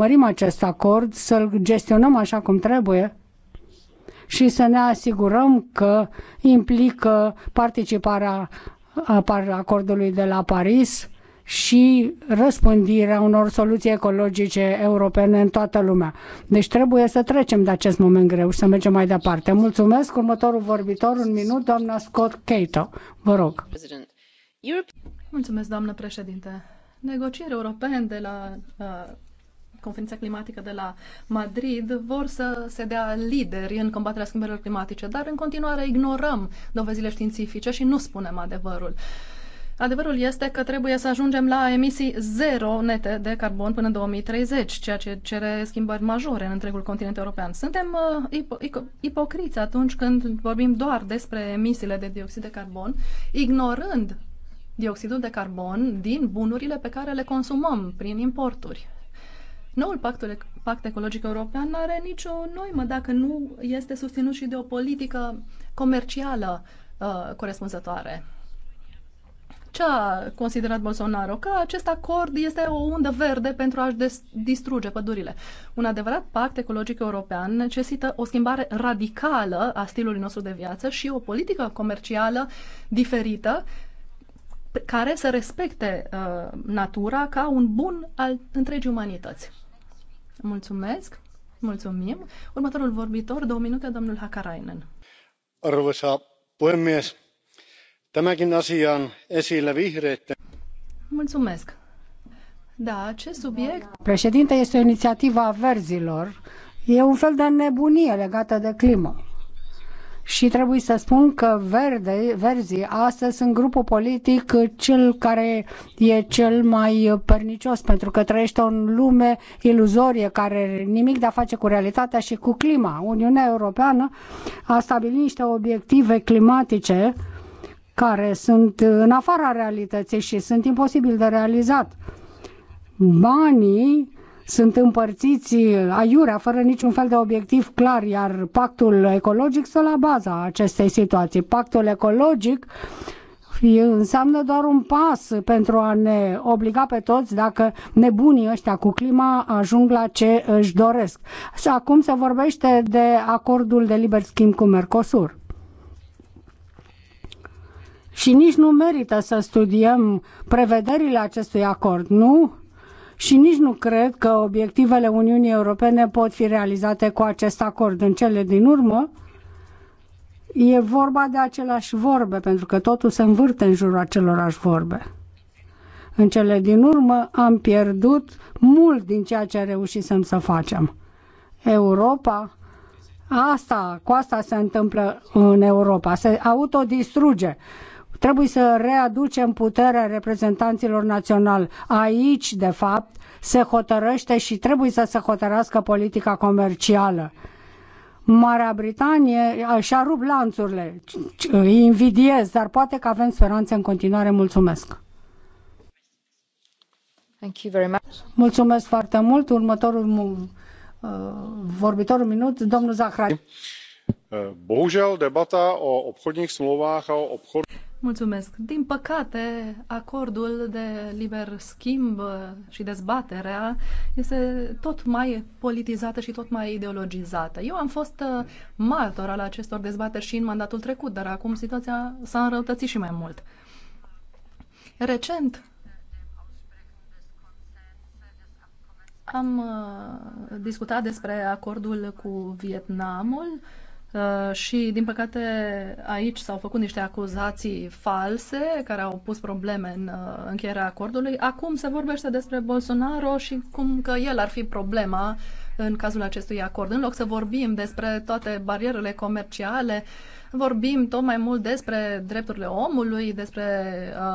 urmărim acest acord, să-l gestionăm așa cum trebuie și să ne asigurăm că implică participarea acordului de la Paris și răspândirea unor soluții ecologice europene în toată lumea. Deci trebuie să trecem de acest moment greu și să mergem mai departe. Mulțumesc. Următorul vorbitor, un minut, doamna Scott Cato. Vă rog. Mulțumesc, doamnă președinte. Negocieri europene de la uh, conferința climatică de la Madrid, vor să se dea lideri în combaterea schimbărilor climatice, dar în continuare ignorăm dovezile științifice și nu spunem adevărul. Adevărul este că trebuie să ajungem la emisii zero nete de carbon până în 2030, ceea ce cere schimbări majore în întregul continent european. Suntem uh, ipo- ipocriți atunci când vorbim doar despre emisiile de dioxid de carbon, ignorând dioxidul de carbon din bunurile pe care le consumăm prin importuri. Noul pactul, pact ecologic european nu are nicio noimă dacă nu este susținut și de o politică comercială uh, corespunzătoare. Ce a considerat Bolsonaro? Că acest acord este o undă verde pentru a-și distruge pădurile. Un adevărat pact ecologic european necesită o schimbare radicală a stilului nostru de viață și o politică comercială diferită care să respecte uh, natura ca un bun al întregii umanități. Mulțumesc. Mulțumim. Următorul vorbitor, două minute, domnul Hakarainen. Arvoisa puhemies, tämäkin asian esillä vihreiden. Mulțumesc. Da, acest subiect... Președinte, este o inițiativă a verzilor. E un fel de nebunie legată de climă și trebuie să spun că verde, verzii astăzi sunt grupul politic cel care e cel mai pernicios pentru că trăiește o lume iluzorie care nimic de a face cu realitatea și cu clima. Uniunea Europeană a stabilit niște obiective climatice care sunt în afara realității și sunt imposibil de realizat. Banii sunt împărțiți aiurea fără niciun fel de obiectiv clar, iar pactul ecologic stă la baza acestei situații. Pactul ecologic înseamnă doar un pas pentru a ne obliga pe toți dacă nebunii ăștia cu clima ajung la ce își doresc. Și acum se vorbește de acordul de liber schimb cu Mercosur. Și nici nu merită să studiem prevederile acestui acord, nu? și nici nu cred că obiectivele Uniunii Europene pot fi realizate cu acest acord. În cele din urmă, e vorba de aceleași vorbe, pentru că totul se învârte în jurul acelorași vorbe. În cele din urmă am pierdut mult din ceea ce reușisem să facem. Europa, asta, cu asta se întâmplă în Europa, se autodistruge Trebuie să readucem puterea reprezentanților naționali. Aici, de fapt, se hotărăște și trebuie să se hotărască politica comercială. Marea Britanie și-a rupt lanțurile. Îi invidiez, dar poate că avem speranțe în continuare. Mulțumesc! Thank you very much. Mulțumesc foarte mult. Următorul uh, vorbitor minut, domnul Zahra. Uh, bohužel debata o obchodních smlouvách a o obchodu... Mulțumesc. Din păcate, acordul de liber schimb și dezbaterea este tot mai politizată și tot mai ideologizată. Eu am fost uh, martor al acestor dezbateri și în mandatul trecut, dar acum situația s-a înrăutățit și mai mult. Recent am uh, discutat despre acordul cu Vietnamul Uh, și, din păcate, aici s-au făcut niște acuzații false care au pus probleme în uh, încheierea acordului. Acum se vorbește despre Bolsonaro și cum că el ar fi problema în cazul acestui acord. În loc să vorbim despre toate barierele comerciale, vorbim tot mai mult despre drepturile omului, despre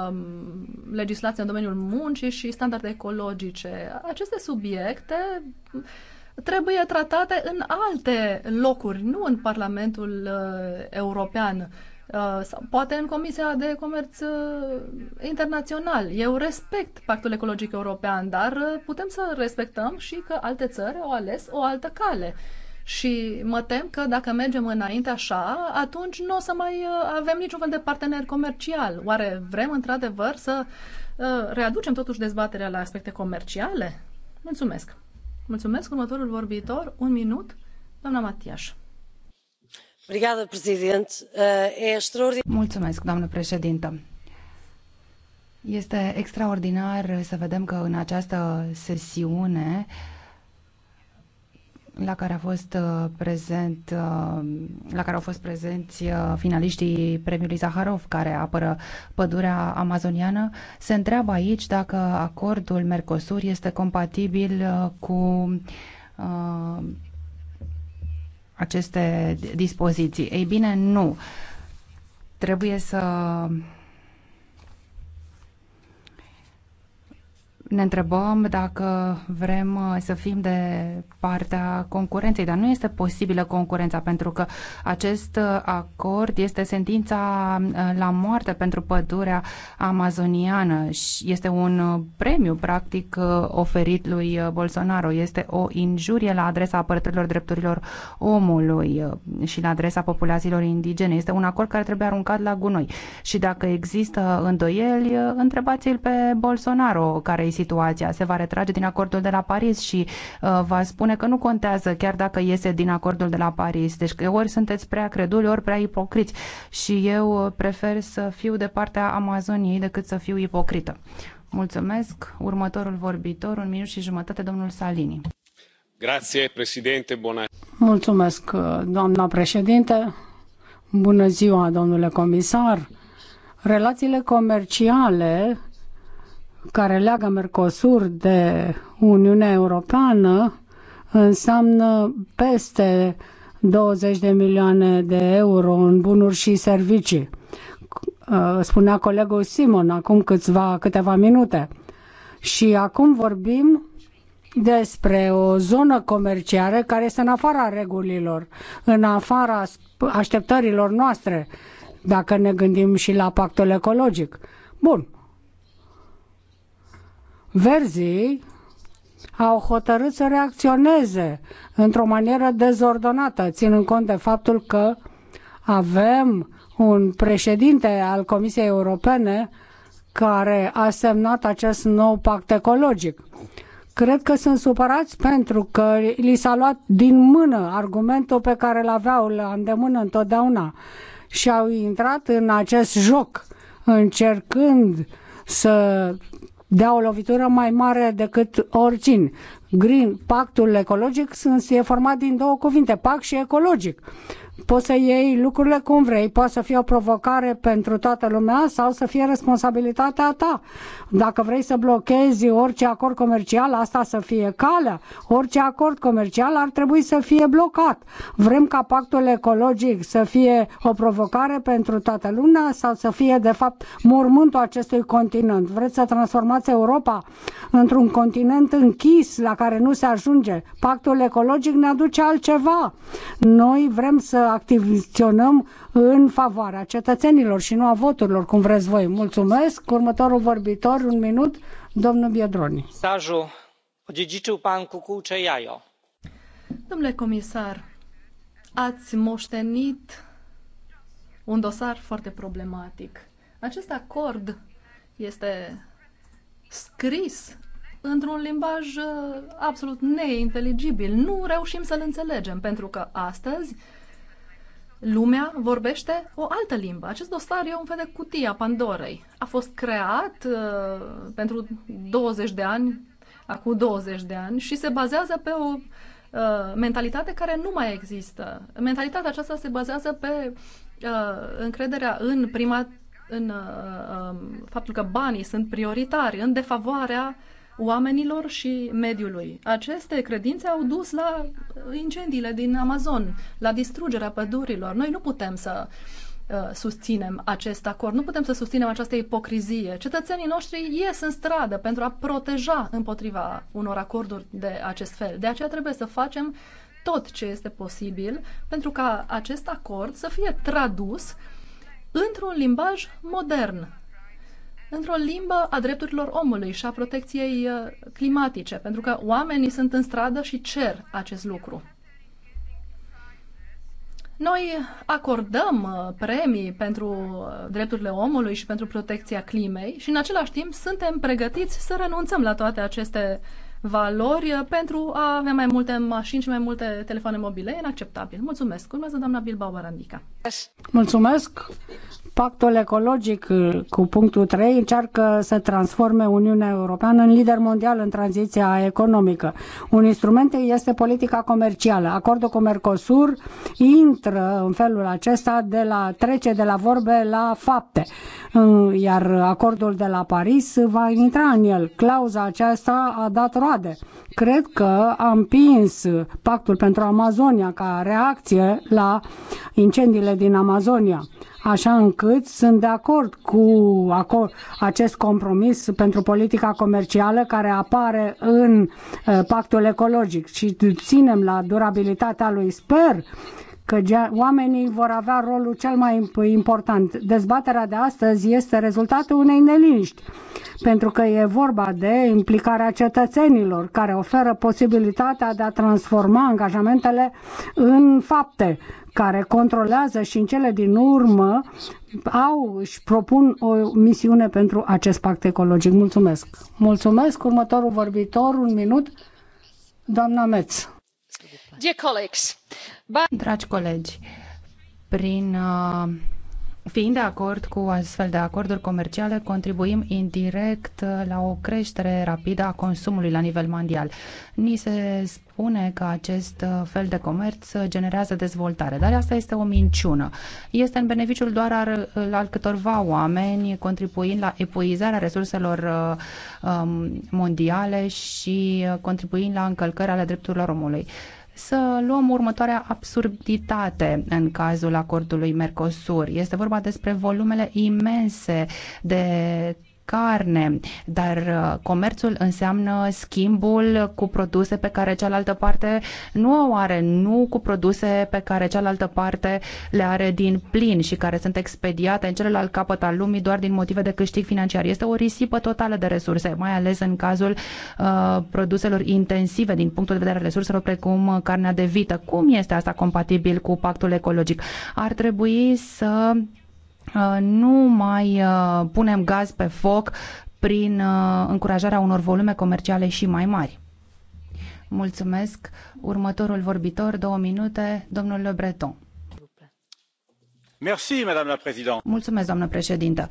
um, legislația în domeniul muncii și standarde ecologice. Aceste subiecte trebuie tratate în alte locuri, nu în Parlamentul uh, European uh, sau poate în Comisia de Comerț uh, Internațional. Eu respect Pactul Ecologic European, dar uh, putem să respectăm și că alte țări au ales o altă cale. Și mă tem că dacă mergem înainte așa, atunci nu o să mai avem niciun fel de partener comercial. Oare vrem într-adevăr să readucem totuși dezbaterea la aspecte comerciale? Mulțumesc! Mulțumesc. Următorul vorbitor, un minut, doamna Matiaș. Eh, Mulțumesc, doamnă președintă. Este extraordinar să vedem că în această sesiune uh, la care a fost uh, prezent uh, la care au fost prezenți uh, finaliștii premiului Zaharov care apără pădurea amazoniană, se întreabă aici dacă acordul Mercosur este compatibil cu uh, aceste dispoziții. Ei bine, nu. Trebuie să ne întrebăm dacă vrem uh, să fim de partea concurenței, dar nu este posibilă concurența pentru că acest uh, acord este sentința uh, la moarte pentru pădurea amazoniană și este un premiu practic oferit lui Bolsonaro. Este o injurie la adresa apărătorilor drepturilor omului și la adresa populațiilor indigene. Este un acord care trebuie aruncat la gunoi și dacă există îndoieli, întrebați-l pe Bolsonaro care situația. Se va retrage din acordul de la Paris și uh, va spune că nu contează chiar dacă iese din acordul de la Paris. Deci ori sunteți prea creduli, ori prea ipocriți și eu uh, prefer să fiu de partea Amazoniei decât să fiu ipocrită. Mulțumesc. Următorul vorbitor, un minut și jumătate, domnul Salini. Grazie, președinte. Bună. Mulțumesc, uh, doamna președinte. Bună ziua, domnule comisar. Relațiile comerciale care leagă Mercosur de Uniunea Europeană înseamnă peste 20 de milioane de euro în bunuri și servicii. Uh, spunea colegul Simon acum câțiva, câteva minute. Și acum vorbim despre o zonă comercială care este în afara regulilor, în afara așteptărilor noastre, dacă ne gândim și la pactul ecologic. Bun, Verzii au hotărât să reacționeze într-o manieră dezordonată, ținând cont de faptul că avem un președinte al Comisiei Europene care a semnat acest nou pact ecologic. Cred că sunt supărați pentru că li s-a luat din mână argumentul pe care îl aveau la îndemână întotdeauna și au intrat în acest joc încercând să dea o lovitură mai mare decât oricine. Green, pactul ecologic, sunt, e format din două cuvinte, pact și ecologic. Poți să iei lucrurile cum vrei, poate să fie o provocare pentru toată lumea sau să fie responsabilitatea ta. Dacă vrei să blochezi orice acord comercial, asta să fie calea. Orice acord comercial ar trebui să fie blocat. Vrem ca pactul ecologic să fie o provocare pentru toată lumea sau să fie, de fapt, mormântul acestui continent. Vreți să transformați Europa într-un continent închis la care nu se ajunge. Pactul ecologic ne aduce altceva. Noi vrem să acționăm în favoarea cetățenilor și nu a voturilor, cum vreți voi. Mulțumesc. Următorul vorbitor, un minut, domnul Biedroni. Stajul, odziedziczył pan kukułcze jajo. Domnule comisar, ați moștenit un dosar foarte problematic. Acest acord este scris într-un limbaj uh, absolut neinteligibil. Nu reușim să-l înțelegem, pentru că astăzi lumea vorbește o altă limbă. Acest dosar e un fel de cutie a Pandorei. A fost creat uh, pentru 20 de ani, acum 20 de ani, și se bazează pe o uh, mentalitate care nu mai există. Mentalitatea aceasta se bazează pe uh, încrederea în prima în uh, um, faptul că banii sunt prioritari, în defavoarea oamenilor și mediului. Aceste credințe au dus la incendiile din Amazon, la distrugerea pădurilor. Noi nu putem să uh, susținem acest acord, nu putem să susținem această ipocrizie. Cetățenii noștri ies în stradă pentru a proteja împotriva unor acorduri de acest fel. De aceea trebuie să facem tot ce este posibil pentru ca acest acord să fie tradus într-un limbaj modern, într-o limbă a drepturilor omului și a protecției uh, climatice, pentru că oamenii sunt în stradă și cer acest lucru. Noi acordăm uh, premii pentru uh, drepturile omului și pentru protecția climei și în același timp suntem pregătiți să renunțăm la toate aceste valori pentru a avea mai multe mașini și mai multe telefoane mobile. E inacceptabil. Mulțumesc. Urmează doamna Bilbao Barandica. Mulțumesc. Pactul ecologic uh, cu punctul 3 încearcă să transforme Uniunea Europeană în lider mondial în tranziția economică. Un instrument este politica comercială. Acordul cu Mercosur intră în felul acesta de la trece de la vorbe la fapte. Uh, iar acordul de la Paris va intra în el. Clauza aceasta a dat roade. Cred că a împins pactul pentru Amazonia ca reacție la incendiile din Amazonia așa încât sunt de acord cu acest compromis pentru politica comercială care apare în uh, pactul ecologic și ținem la durabilitatea lui. Sper că oamenii vor avea rolul cel mai important. Dezbaterea de astăzi este rezultatul unei neliniști, pentru că e vorba de implicarea cetățenilor care oferă posibilitatea de a transforma angajamentele în fapte care controlează și în cele din urmă au și propun o misiune pentru acest pact ecologic. Mulțumesc! Mulțumesc! Următorul vorbitor, un minut, doamna Metz. Dragi colegi, prin uh Fiind de acord cu astfel de acorduri comerciale, contribuim indirect la o creștere rapidă a consumului la nivel mondial. Ni se spune că acest fel de comerț generează dezvoltare, dar asta este o minciună. Este în beneficiul doar al, al câtorva oameni, contribuind la epuizarea resurselor um, mondiale și contribuind la încălcări ale drepturilor omului să luăm următoarea absurditate în cazul acordului Mercosur. Este vorba despre volumele imense de carne, dar uh, comerțul înseamnă schimbul cu produse pe care cealaltă parte nu o are, nu cu produse pe care cealaltă parte le are din plin și care sunt expediate în celălalt capăt al lumii doar din motive de câștig financiar. Este o risipă totală de resurse, mai ales în cazul uh, produselor intensive din punctul de vedere al resurselor, precum carnea de vită. Cum este asta compatibil cu pactul ecologic? Ar trebui să Uh, nu mai uh, punem gaz pe foc prin uh, încurajarea unor volume comerciale și mai mari. Mulțumesc. Următorul vorbitor, două minute, domnul Le Breton. Merci, Madame la Présidente. Mulțumesc, doamnă președintă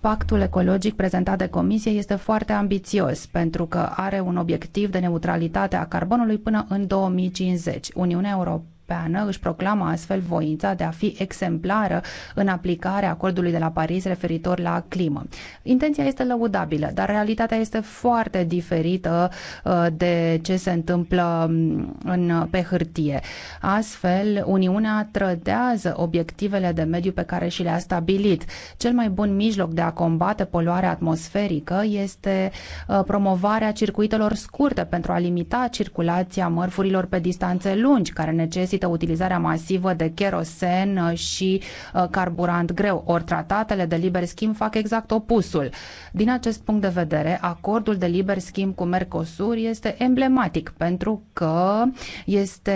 pactul ecologic prezentat de Comisie este foarte ambițios pentru că are un obiectiv de neutralitate a carbonului până în 2050. Uniunea Europeană Europeană își proclamă astfel voința de a fi exemplară în aplicarea acordului de la Paris referitor la climă. Intenția este lăudabilă, dar realitatea este foarte diferită uh, de ce se întâmplă mm, în, pe hârtie. Astfel, Uniunea trădează obiectivele de mediu pe care și le-a stabilit. Cel mai bun mijloc de a combate poluarea atmosferică este uh, promovarea circuitelor scurte pentru a limita circulația mărfurilor pe distanțe lungi, care necesită folosită utilizarea masivă de kerosen și uh, carburant greu, ori tratatele de liber schimb fac exact opusul. Din acest punct de vedere, acordul de liber schimb cu Mercosur este emblematic pentru că este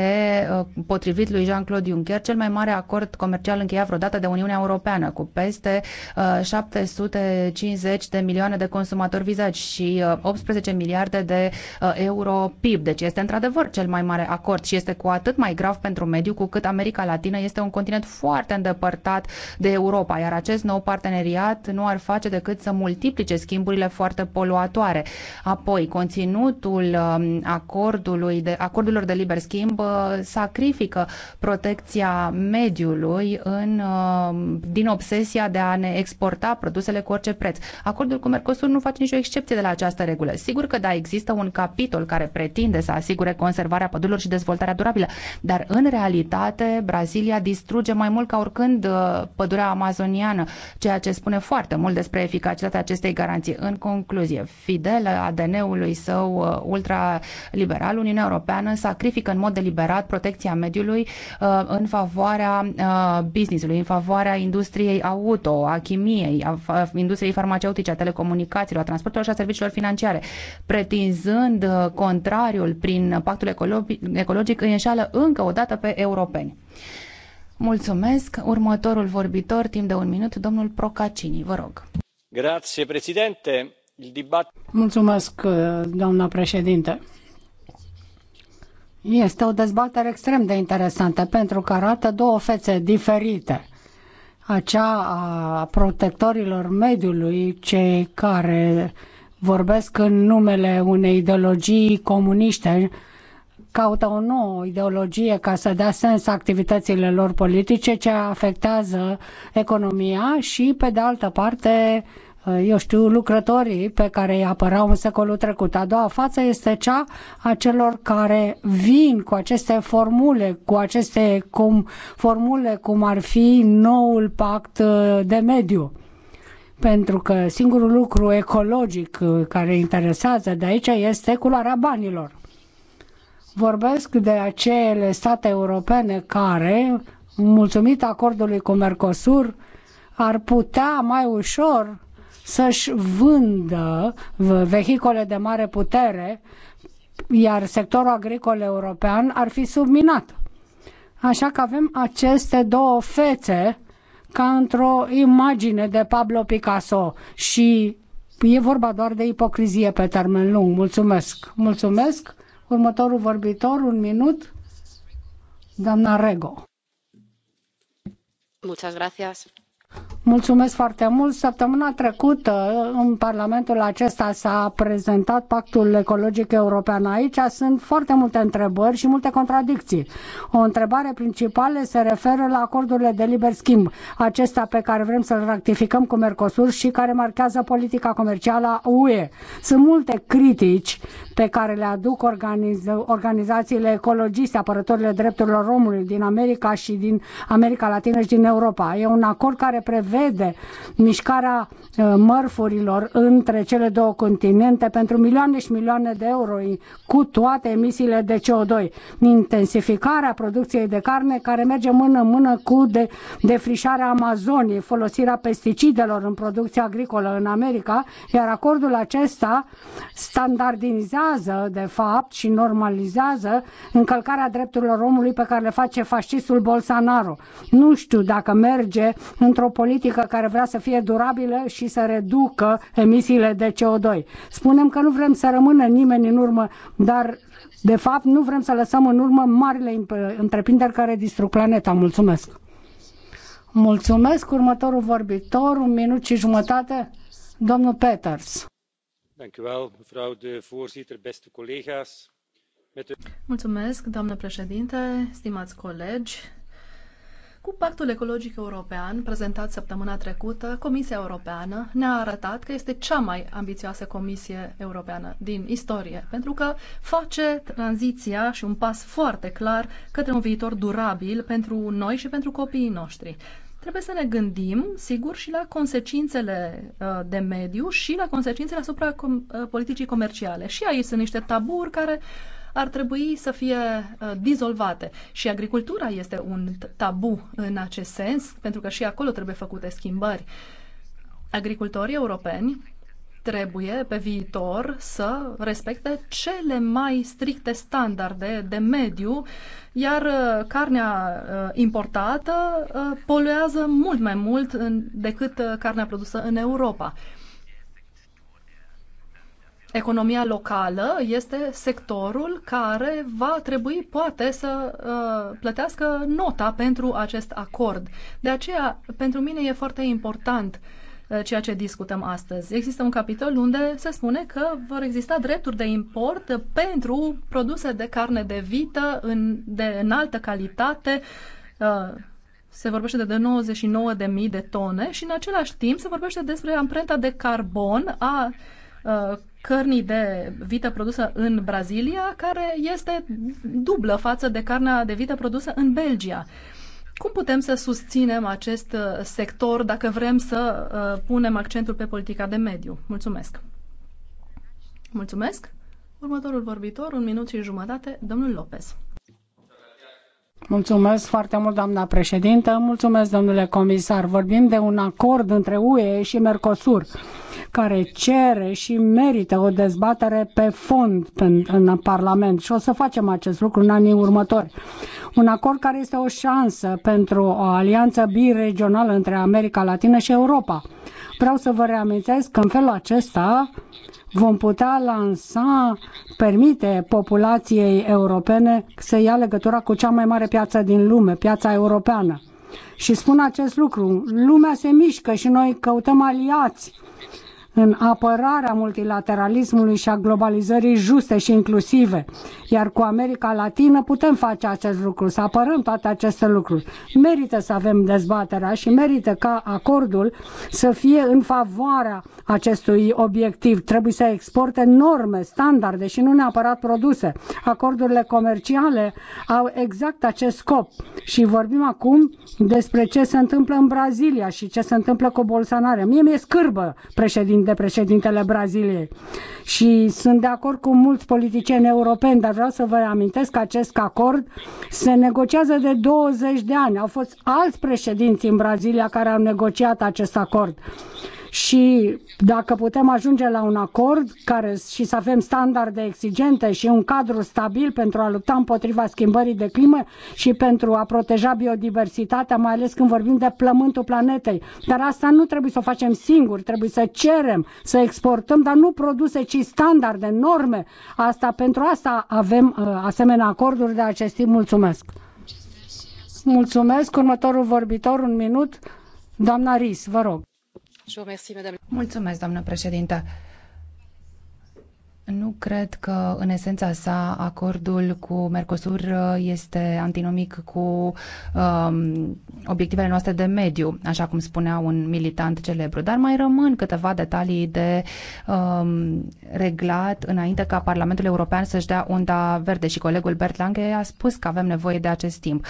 uh, potrivit lui Jean-Claude Juncker cel mai mare acord comercial încheiat vreodată de Uniunea Europeană cu peste 750 uh, de milioane de consumatori vizați și 18 miliarde de euro PIB. Deci este într-adevăr cel mai mare acord și este cu atât mai grav pentru pentru mediu, cu cât America Latină este un continent foarte îndepărtat de Europa, iar acest nou parteneriat nu ar face decât să multiplice schimburile foarte poluatoare. Apoi, conținutul um, acordului de, acordurilor de liber schimb uh, sacrifică protecția mediului în, um, din obsesia de a ne exporta produsele cu orice preț. Acordul cu Mercosur nu face nicio excepție de la această regulă. Sigur că da, există un capitol care pretinde să asigure conservarea pădurilor și dezvoltarea durabilă, dar în în realitate Brazilia distruge mai mult ca oricând uh, pădurea amazoniană, ceea ce spune foarte mult despre eficacitatea acestei garanții. În concluzie, fidel ADN-ului său uh, ultraliberal, Uniunea Europeană sacrifică în mod deliberat protecția mediului uh, în favoarea business-ului, în favoarea industriei auto, a chimiei, a industriei farmaceutice, a telecomunicațiilor, a transportului, și a serviciilor financiare, pretinzând contrariul prin pactul ecologic, îi înșală încă o dată bazată pe europeni. Mulțumesc. Următorul vorbitor, timp de un minut, domnul Procacini, vă rog. Grazie, președinte. Mulțumesc, doamna președinte. Este o dezbatere extrem de interesantă pentru că arată două fețe diferite. Acea a protectorilor mediului, cei care vorbesc în numele unei ideologii comuniste caută o nouă ideologie ca să dea sens activitățile lor politice, ce afectează economia și, pe de altă parte, eh, eu știu, lucrătorii pe care îi apărau în secolul trecut. A doua față este cea a celor care vin cu aceste formule, cu aceste cum, formule cum ar fi noul pact eh, de mediu. Pentru că singurul lucru ecologic eh, care interesează de aici este culoarea banilor. Vorbesc de acele state europene care, mulțumit acordului cu Mercosur, ar putea mai ușor să-și vândă vehicole de mare putere, iar sectorul agricol european ar fi subminat. Așa că avem aceste două fețe ca într-o imagine de Pablo Picasso și e vorba doar de ipocrizie pe termen lung. Mulțumesc! Mulțumesc! Următorul vorbitor, un minut, doamna Rego. Muchas gracias. Mulțumesc foarte mult. Săptămâna trecută în Parlamentul acesta s-a prezentat Pactul Ecologic European. Aici sunt foarte multe întrebări și multe contradicții. O întrebare principală se referă la acordurile de liber schimb, acesta pe care vrem să-l ratificăm cu Mercosur și care marchează politica comercială a UE. Sunt multe critici pe care le aduc organiz- organizațiile ecologiste, apărătorile drepturilor omului din America și din America Latină și din Europa. E un acord care prevede vede mișcarea uh, mărfurilor între cele două continente pentru milioane și milioane de euro cu toate emisiile de CO2. Intensificarea producției de carne care merge mână-mână în cu de, defrișarea Amazoniei, folosirea pesticidelor în producția agricolă în America, iar acordul acesta standardizează, de fapt, și normalizează încălcarea drepturilor omului pe care le face fascistul Bolsonaro. Nu știu dacă merge într-o politică politică care vrea să fie durabilă și să reducă emisiile de CO2. Spunem că nu vrem să rămână nimeni în urmă, dar de fapt nu vrem să lăsăm în urmă marile întreprinderi care distrug planeta. Mulțumesc! Mulțumesc! Următorul vorbitor, un minut și jumătate, domnul Peters. Mulțumesc, doamnă președinte, stimați colegi. Cu Pactul Ecologic European, prezentat săptămâna trecută, Comisia Europeană ne-a arătat că este cea mai ambițioasă Comisie Europeană din istorie, pentru că face tranziția și un pas foarte clar către un viitor durabil pentru noi și pentru copiii noștri trebuie să ne gândim, sigur, și la consecințele uh, de mediu și la consecințele asupra uh, politicii comerciale. Și aici sunt niște taburi care ar trebui să fie uh, dizolvate. Și agricultura este un tabu în acest sens, pentru că și acolo trebuie făcute schimbări. Agricultorii europeni trebuie pe viitor să respecte cele mai stricte standarde de mediu, iar uh, carnea uh, importată poluează mult mai mult decât carnea produsă în Europa economia locală este sectorul care va trebui poate să uh, plătească nota pentru acest acord. De aceea, pentru mine e foarte important uh, ceea ce discutăm astăzi. Există un capitol unde se spune că vor exista drepturi de import pentru produse de carne de vită în, de înaltă calitate, uh, se vorbește de 99.000 de tone și în același timp se vorbește despre amprenta de carbon a uh, cărnii de vită produsă în Brazilia, care este dublă față de carnea de vită produsă în Belgia. Cum putem să susținem acest uh, sector dacă vrem să uh, punem accentul pe politica de mediu? Mulțumesc! Mulțumesc! Următorul vorbitor, un minut și jumătate, domnul Lopez. Mulțumesc foarte mult, doamna președintă. Mulțumesc, domnule comisar. Vorbim de un acord între UE și Mercosur, care cere și merită o dezbatere pe fond în, în Parlament și o să facem acest lucru în anii următori. Un acord care este o șansă pentru o alianță biregională între America Latină și Europa. Vreau să vă reamintesc că în felul acesta vom putea lansa, permite populației europene să ia legătura cu cea mai mare piață din lume, piața europeană. Și spun acest lucru, lumea se mișcă și noi căutăm aliați în apărarea multilateralismului și a globalizării juste și inclusive. Iar cu America Latină putem face acest lucru, să apărăm toate aceste lucruri. Merită să avem dezbaterea și merită ca acordul să fie în favoarea acestui obiectiv. Trebuie să exporte norme, standarde și nu neapărat produse. Acordurile comerciale au exact acest scop și vorbim acum despre ce se întâmplă în Brazilia și ce se întâmplă cu Bolsonaro. Mie mi-e scârbă președinte Putin, de președintele Braziliei. Și sunt de acord cu mulți politicieni europeni, dar vreau să vă amintesc că acest acord se negociază de 20 de ani. Au fost alți președinți în Brazilia care au negociat acest acord și dacă putem ajunge la un acord care și să avem standarde exigente și un cadru stabil pentru a lupta împotriva schimbării de climă și pentru a proteja biodiversitatea, mai ales când vorbim de plământul planetei. Dar asta nu trebuie să o facem singuri, trebuie să cerem, să exportăm, dar nu produse, ci standarde, norme. Asta, pentru asta avem uh, asemenea acorduri de acest tip. Mulțumesc! Mulțumesc. Următorul vorbitor, un minut. Doamna Ris, vă rog. Mulțumesc, doamnă președintă. Nu cred că, în esența sa, acordul cu Mercosur uh, este antinomic cu um, obiectivele noastre de mediu, așa cum spunea un militant celebru. Dar mai rămân câteva detalii de um, reglat înainte ca Parlamentul European să-și dea unda verde și colegul Bert Lange a spus că avem nevoie de acest timp.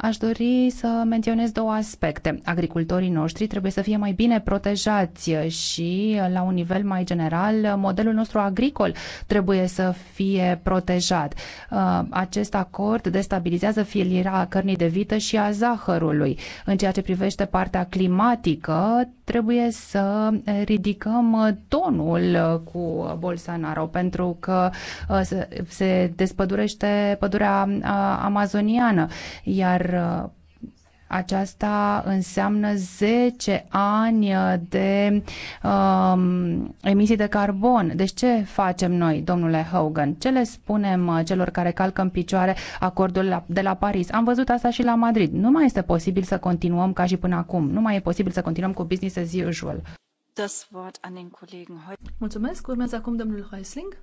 Aș dori să menționez două aspecte. Agricultorii noștri trebuie să fie mai bine protejați și, la un nivel mai general, modelul nostru agricol trebuie să fie protejat. Uh, acest acord destabilizează filiera cărnii de vită și a zahărului. În ceea ce privește partea climatică, trebuie să ridicăm tonul cu Bolsonaro pentru că uh, se despădurește pădurea uh, amazoniană, iar dar uh, aceasta înseamnă 10 ani uh, de um, emisii de carbon. Deci ce facem noi, domnule Hogan? Ce le spunem uh, celor care calcă în picioare acordul de la Paris? Am văzut asta și la Madrid. Nu mai este posibil să continuăm ca și până acum. Nu mai e posibil să continuăm cu business as usual. Mulțumesc. Urmează acum domnul Heusling.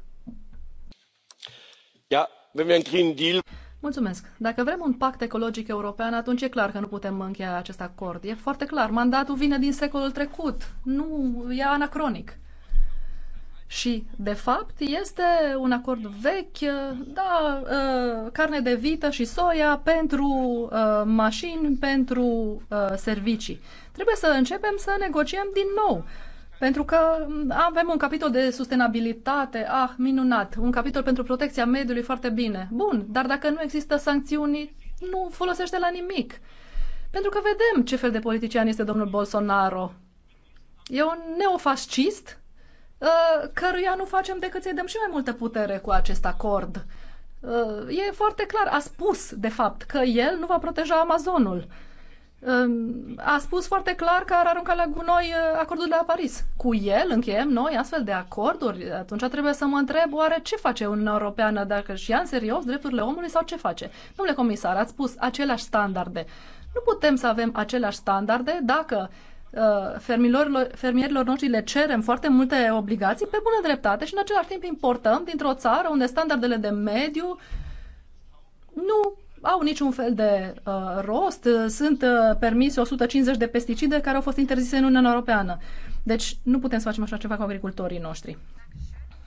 Ja, wenn wir einen Green Deal Mulțumesc. Dacă vrem un pact ecologic european, atunci e clar că nu putem încheia acest acord. E foarte clar. Mandatul vine din secolul trecut. Nu e anacronic. Și, de fapt, este un acord vechi, da, uh, carne de vită și soia pentru uh, mașini, pentru uh, servicii. Trebuie să începem să negociem din nou. Pentru că mm, avem un capitol de sustenabilitate, ah, minunat, un capitol pentru protecția mediului foarte bine. Bun, dar dacă nu există sancțiuni, nu folosește la nimic. Pentru că vedem ce fel de politician este domnul Bolsonaro. E un neofascist ă, căruia nu facem decât să-i dăm și mai multă putere cu acest acord. Ă, e foarte clar, a spus, de fapt, că el nu va proteja Amazonul. Ehm, a spus foarte clar că ar arunca la gunoi eh, acordul de la Paris. Cu el încheiem noi astfel de acorduri? Atunci trebuie să mă întreb oare ce face Uniunea Europeană, dacă și ia în serios drepturile omului sau ce face? Domnule comisar, ați spus aceleași standarde. Nu putem să avem aceleași standarde dacă eh, fermierilor, fermierilor noștri le cerem foarte multe obligații pe bună dreptate și în același timp importăm dintr-o țară unde standardele de mediu nu au niciun fel de uh, rost. Sunt uh, permise 150 de pesticide care au fost interzise în Uniunea Europeană. Deci nu putem să facem așa ceva cu agricultorii noștri.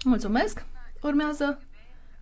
Mulțumesc. Urmează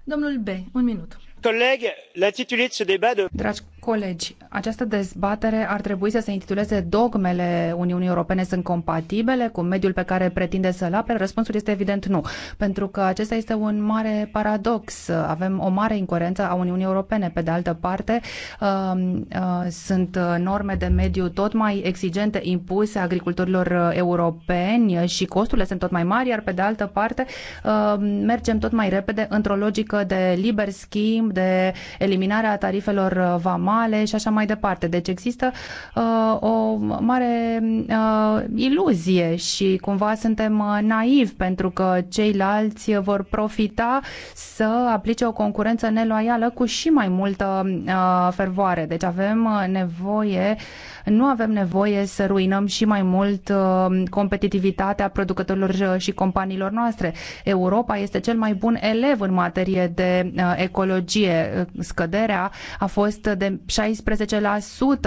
domnul B. Un minut. Coleg, la titulit ce debat de... Dragi Colegi, această dezbatere ar trebui să se intituleze Dogmele Uniunii Europene sunt compatibile cu mediul pe care pretinde să-l apere? Răspunsul este evident nu, pentru că acesta este un mare paradox. Avem o mare incoerență a Uniunii Europene. Pe de altă parte, um, uh, sunt norme de mediu tot mai exigente impuse agricultorilor europeni și costurile sunt tot mai mari, iar pe de altă parte um, mergem tot mai repede într-o logică de liber schimb, de eliminarea tarifelor vamale animale și așa mai departe. Deci există uh, o mare uh, iluzie și cumva suntem uh, naivi pentru că ceilalți vor profita să aplice o concurență neloială cu și mai multă uh, fervoare. Deci avem uh, nevoie uh, nu avem nevoie să ruinăm și mai mult uh, competitivitatea producătorilor uh, și companiilor noastre. Europa este cel mai bun elev în materie de uh, ecologie. Scăderea a fost de 16%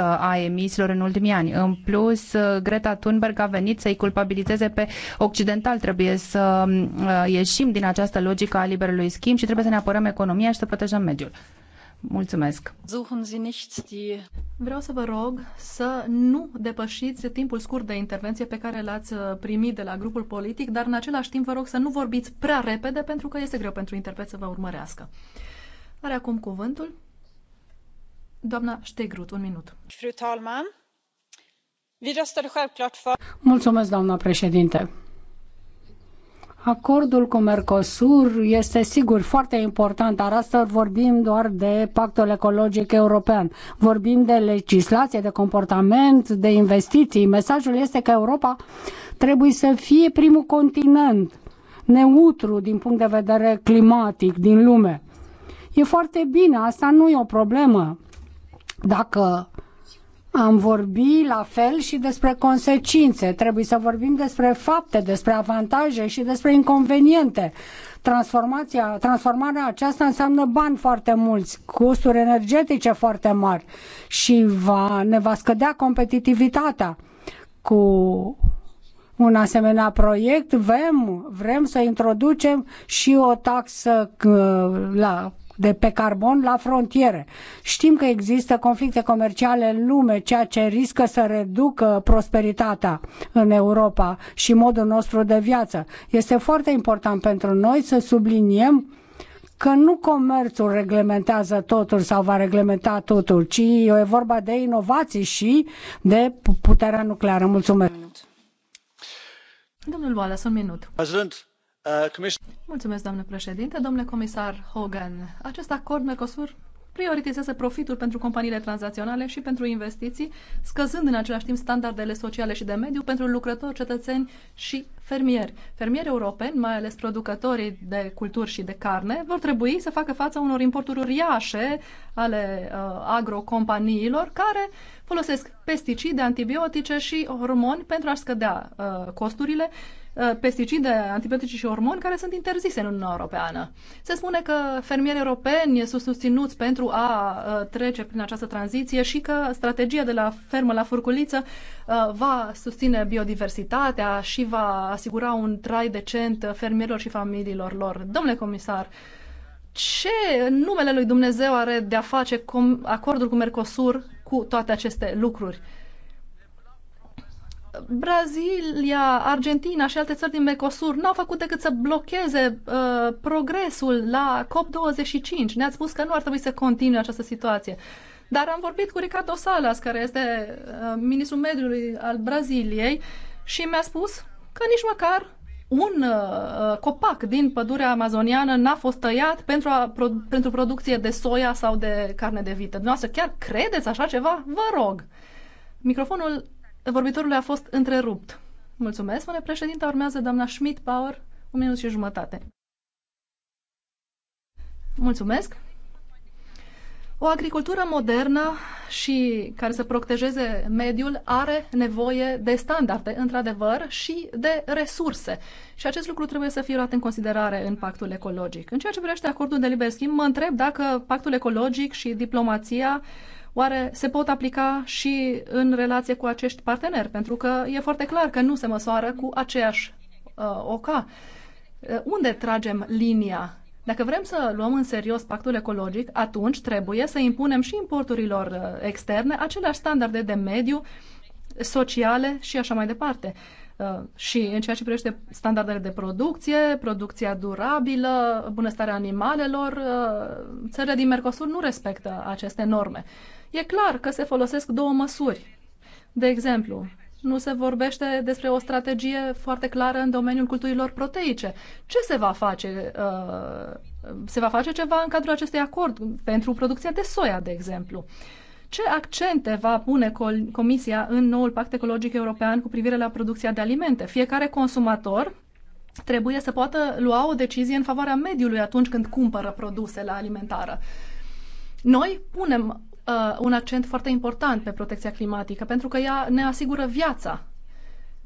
a emisiilor în ultimii ani. În plus, Greta Thunberg a venit să-i culpabilizeze pe occidental. Trebuie să ieșim din această logică a liberului schimb și trebuie să ne apărăm economia și să protejăm mediul. Mulțumesc! Vreau să vă rog să nu depășiți timpul scurt de intervenție pe care l-ați uh, primit de la grupul politic, dar în același timp vă rog să nu vorbiți prea repede pentru că este greu pentru interpret să vă urmărească. Are acum cuvântul doamna Ștegrut, un minut. Fru talman, vi Mulțumesc, doamna președinte. Acordul cu Mercosur este sigur foarte important, dar astăzi vorbim doar de pactul ecologic european. Vorbim de legislație, de comportament, de investiții. Mesajul este că Europa trebuie să fie primul continent neutru din punct de vedere climatic din lume. E foarte bine, asta nu e o problemă. Dacă am vorbit la fel și despre consecințe. Trebuie să vorbim despre fapte, despre avantaje și despre inconveniente. Transformația, transformarea aceasta înseamnă bani foarte mulți, costuri energetice foarte mari și va, ne va scădea competitivitatea cu un asemenea proiect, vrem, vrem să introducem și o taxă uh, la de pe carbon la frontiere. Știm că există conflicte comerciale în lume, ceea ce riscă să reducă prosperitatea în Europa și modul nostru de viață. Este foarte important pentru noi să subliniem că nu comerțul reglementează totul sau va reglementa totul, ci e vorba de inovații și de puterea nucleară. Mulțumesc! Domnul Wallace, un minut. Uh, Mulțumesc, doamnă președinte. Domnule comisar Hogan, acest acord Mercosur prioritizează profitul pentru companiile tranzacționale și pentru investiții, scăzând în același timp standardele sociale și de mediu pentru lucrători, cetățeni și fermieri. Fermieri europeni, mai ales producătorii de culturi și de carne, vor trebui să facă față unor importuri uriașe ale uh, agrocompaniilor care folosesc pesticide, antibiotice și hormoni pentru a scădea uh, costurile Uh, pesticide, antibiotice și hormoni care sunt interzise în Uniunea Europeană. Se spune că fermierii europeni sunt susținuți pentru a uh, trece prin această tranziție și că strategia de la fermă la furculiță uh, va susține biodiversitatea și va asigura un trai decent fermierilor și familiilor lor. Domnule comisar, ce numele lui Dumnezeu are de a face acordul cu Mercosur cu toate aceste lucruri? Brazilia, Argentina și alte țări din Mercosur n-au făcut decât să blocheze uh, progresul la COP25. Ne-ați spus că nu ar trebui să continue această situație. Dar am vorbit cu Ricardo Salas, care este uh, ministrul mediului al Braziliei, și mi-a spus că nici măcar un uh, uh copac din pădurea amazoniană n-a fost tăiat pentru, a, pro, pentru producție de soia sau de carne de vită. Dumneavoastră chiar credeți așa ceva? Vă rog! Microfonul Vorbitorul a fost întrerupt. Mulțumesc, spune președinte. Urmează doamna Schmidt-Power, un minut și jumătate. Mulțumesc. O agricultură modernă și care să protejeze mediul are nevoie de standarde, într-adevăr, și de resurse. Și acest lucru trebuie să fie luat în considerare în pactul ecologic. În ceea ce privește acordul de liber schimb, mă întreb dacă pactul ecologic și diplomația uh, oare se pot aplica și în relație cu acești parteneri? Pentru că e foarte clar că nu se măsoară cu aceeași uh, oca. Uh, unde tragem linia? Dacă vrem să luăm în serios pactul ecologic, atunci trebuie să impunem și importurilor uh, externe aceleași standarde de mediu, sociale și așa mai departe. Uh, și în ceea ce privește standardele de producție, producția durabilă, bunăstarea animalelor, uh, țările din Mercosur nu respectă aceste norme. E clar că se folosesc două măsuri. De exemplu, nu se vorbește despre o strategie foarte clară în domeniul culturilor proteice. Ce se va face? Uh, se va face ceva în cadrul acestui acord pentru producția de soia, de exemplu. Ce accente va pune Comisia în noul pact ecologic european cu privire la producția de alimente? Fiecare consumator trebuie să poată lua o decizie în favoarea mediului atunci când cumpără produse la alimentară. Noi punem uh, un accent foarte important pe protecția climatică, pentru că ea ne asigură viața.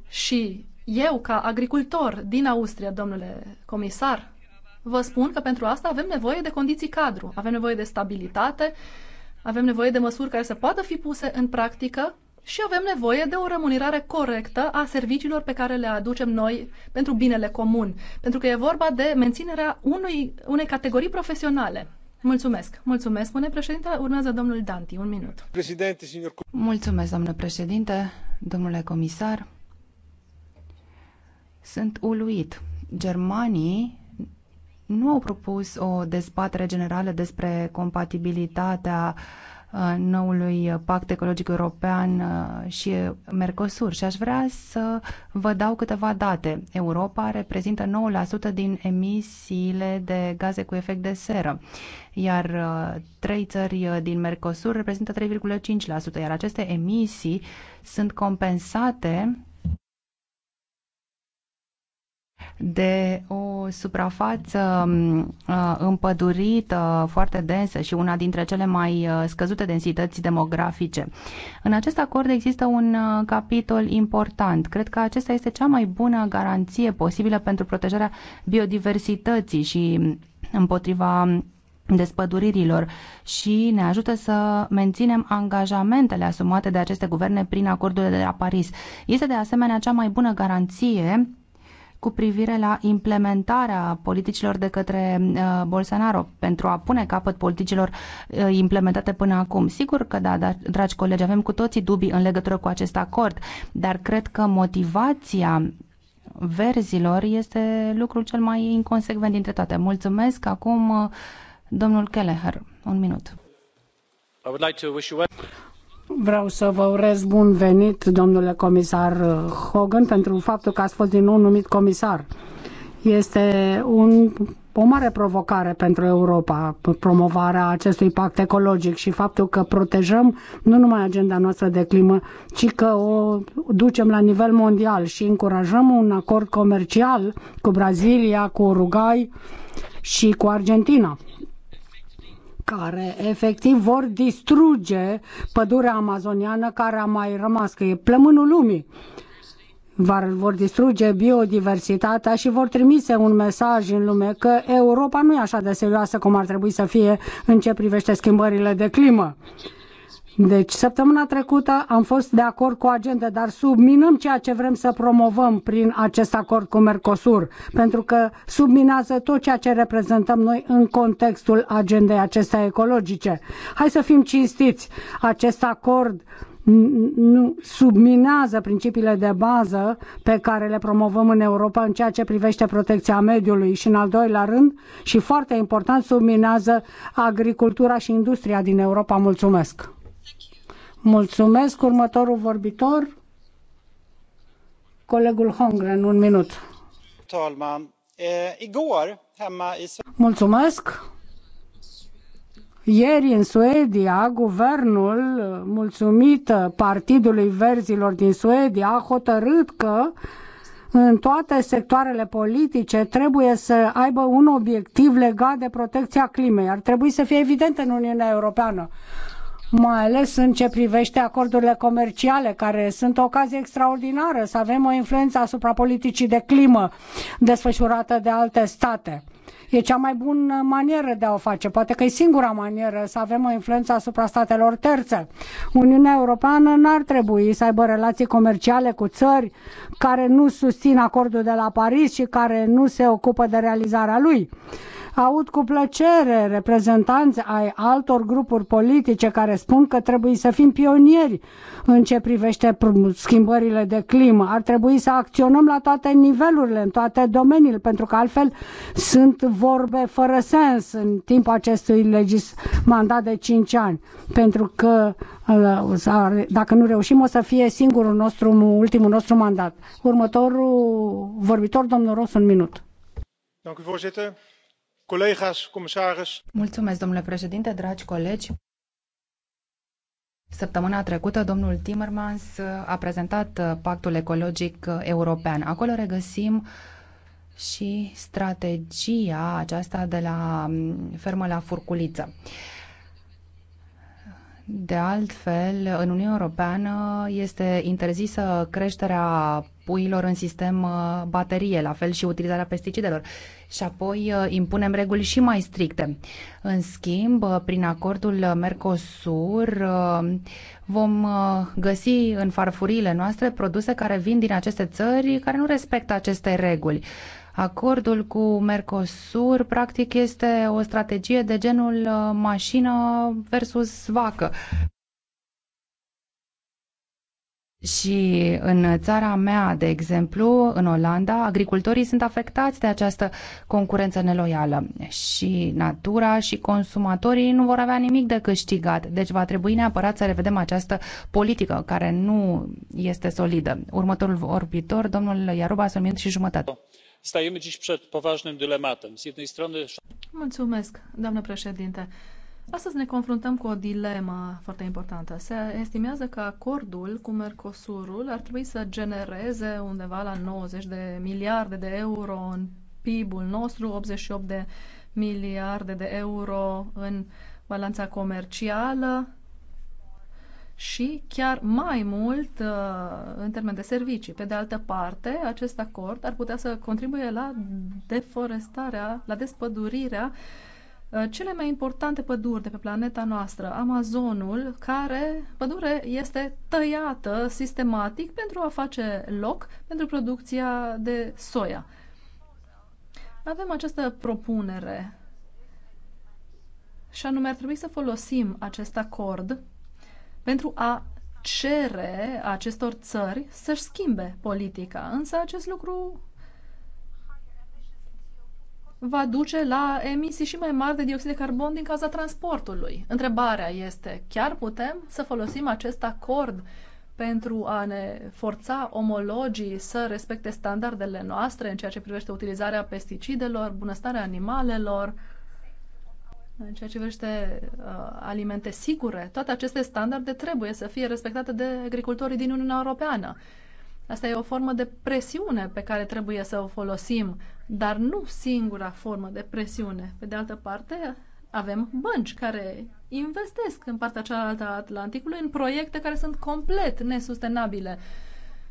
Și eu, ca agricultor din Austria, domnule comisar, vă spun că pentru asta avem nevoie de condiții cadru, avem nevoie de stabilitate, avem nevoie de măsuri care să poată fi puse în practică și avem nevoie de o remunerare corectă a serviciilor pe care le aducem noi pentru binele comun. Pentru că e vorba de menținerea unui, unei categorii profesionale. Mulțumesc. Mulțumesc, spune președinte Urmează domnul Danti. Un minut. Președinte, signor... Mulțumesc, domnule președinte, domnule comisar. Sunt uluit. Germanii nu au propus o dezbatere generală despre compatibilitatea uh, Uh, noului pact ecologic european uh, și Mercosur și aș vrea să vă dau câteva date. Europa reprezintă 9% din emisiile de gaze cu efect de seră, iar uh, trei țări din Mercosur reprezintă 3,5%, iar aceste emisii sunt compensate de o suprafață mm, uh, împădurită foarte densă și una dintre cele mai uh, scăzute densități demografice. În acest acord există un uh, capitol important. Cred că acesta este cea mai bună garanție posibilă pentru protejarea biodiversității și mm, împotriva despăduririlor și ne ajută să menținem angajamentele asumate de aceste guverne prin acordurile de la Paris. Este de asemenea cea mai bună garanție cu privire la implementarea politicilor de către uh, Bolsonaro pentru a pune capăt politicilor uh, implementate până acum. Sigur că da, dar, dragi colegi, avem cu toții dubii în legătură cu acest acord, dar cred că motivația verzilor este lucrul cel mai inconsecvent dintre toate. Mulțumesc. Acum, uh, domnul Kelleher, un minut. I would like to wish you well. Vreau să vă urez bun venit, domnule comisar Hogan, pentru faptul că ați fost din nou numit comisar. Este un, o mare provocare pentru Europa, promovarea acestui pact ecologic și faptul că protejăm nu numai agenda noastră de climă, ci că o ducem la nivel mondial și încurajăm un acord comercial cu Brazilia, cu Uruguay și cu Argentina care efectiv vor distruge pădurea amazoniană care a mai rămas, că e plămânul lumii vor distruge biodiversitatea și vor trimite un mesaj în lume că Europa nu e așa de serioasă cum ar trebui să fie în ce privește schimbările de climă. Deci, săptămâna trecută am fost de acord cu agenda, dar subminăm ceea ce vrem să promovăm prin acest acord cu Mercosur, pentru că subminează tot ceea ce reprezentăm noi în contextul agendei acestea ecologice. Hai să fim cinstiți. Acest acord subminează principiile de bază pe care le promovăm în Europa în ceea ce privește protecția mediului și în al doilea rând și foarte important subminează agricultura și industria din Europa. Mulțumesc. Mulțumesc. Următorul vorbitor, colegul Hongren, un minut. Eh, Mulțumesc. Ieri în Suedia, guvernul, mulțumit Partidului Verzilor din Suedia, a hotărât că în toate sectoarele politice trebuie să aibă un obiectiv legat de protecția climei. Ar trebui să fie evident în Uniunea Europeană mai ales în ce privește acordurile comerciale, care sunt o ocazie extraordinară să avem o influență asupra politicii de climă desfășurată de alte state. E cea mai bună manieră de a o face. Poate că e singura manieră să avem o influență asupra statelor terțe. Uniunea Europeană n-ar trebui să aibă relații comerciale cu țări care nu susțin acordul de la Paris și care nu se ocupă de realizarea lui. Aud cu plăcere reprezentanți ai altor grupuri politice care spun că trebuie să fim pionieri în ce privește schimbările de climă. Ar trebui să acționăm la toate nivelurile, în toate domeniile, pentru că altfel sunt sunt vorbe fără sens în timpul acestui legis mandat de 5 ani, pentru că uh, dacă nu reușim o să fie singurul nostru, ultimul nostru mandat. Următorul vorbitor, domnul Ros, un minut. Mulțumesc, domnule președinte, dragi colegi. Săptămâna trecută, domnul Timmermans a prezentat uh, Pactul Ecologic European. Acolo regăsim uh, și strategia aceasta de la mm, fermă la furculiță. De altfel, în Uniunea Europeană este interzisă creșterea puilor în sistem uh, baterie, la fel și utilizarea pesticidelor. Și apoi uh, impunem reguli și mai stricte. În schimb, uh, prin acordul Mercosur vom găsi în farfurile noastre produse care vin din aceste țări care nu respectă aceste reguli. Acordul cu Mercosur practic este o strategie de genul uh, mașină versus vacă. Și în țara mea, de exemplu, în Olanda, agricultorii sunt afectați de această concurență neloială și natura și consumatorii nu vor avea nimic de câștigat. Deci va trebui neapărat să revedem această politică care nu este solidă. Următorul orbitor, domnul Iaruba, sunt și jumătate stajemy dziś przed poważnym dylematem. Z jednej strony... Mulțumesc, doamnă președinte. Astăzi ne confruntăm cu o dilemă foarte importantă. Se estimează că acordul cu Mercosurul ar trebui să genereze undeva la 90 de miliarde de euro în PIB-ul nostru, 88 de miliarde de euro în balanța comercială, și chiar mai mult uh, în termen de servicii. Pe de altă parte, acest acord ar putea să contribuie la deforestarea, la despădurirea uh, cele mai importante păduri de pe planeta noastră, Amazonul, care pădure este tăiată sistematic pentru a face loc pentru producția de soia. Avem această propunere și anume ar trebui să folosim acest acord pentru a cere acestor țări să-și schimbe politica. Însă acest lucru va duce la emisii și mai mari de dioxid de carbon din cauza transportului. Întrebarea este, chiar putem să folosim acest acord pentru a ne forța omologii să respecte standardele noastre în ceea ce privește utilizarea pesticidelor, bunăstarea animalelor, în ceea ce vrește uh, alimente sigure, toate aceste standarde trebuie să fie respectate de agricultorii din Uniunea Europeană. Asta e o formă de presiune pe care trebuie să o folosim, dar nu singura formă de presiune. Pe de altă parte, avem bănci care investesc în partea cealaltă a Atlanticului în proiecte care sunt complet nesustenabile. Uh,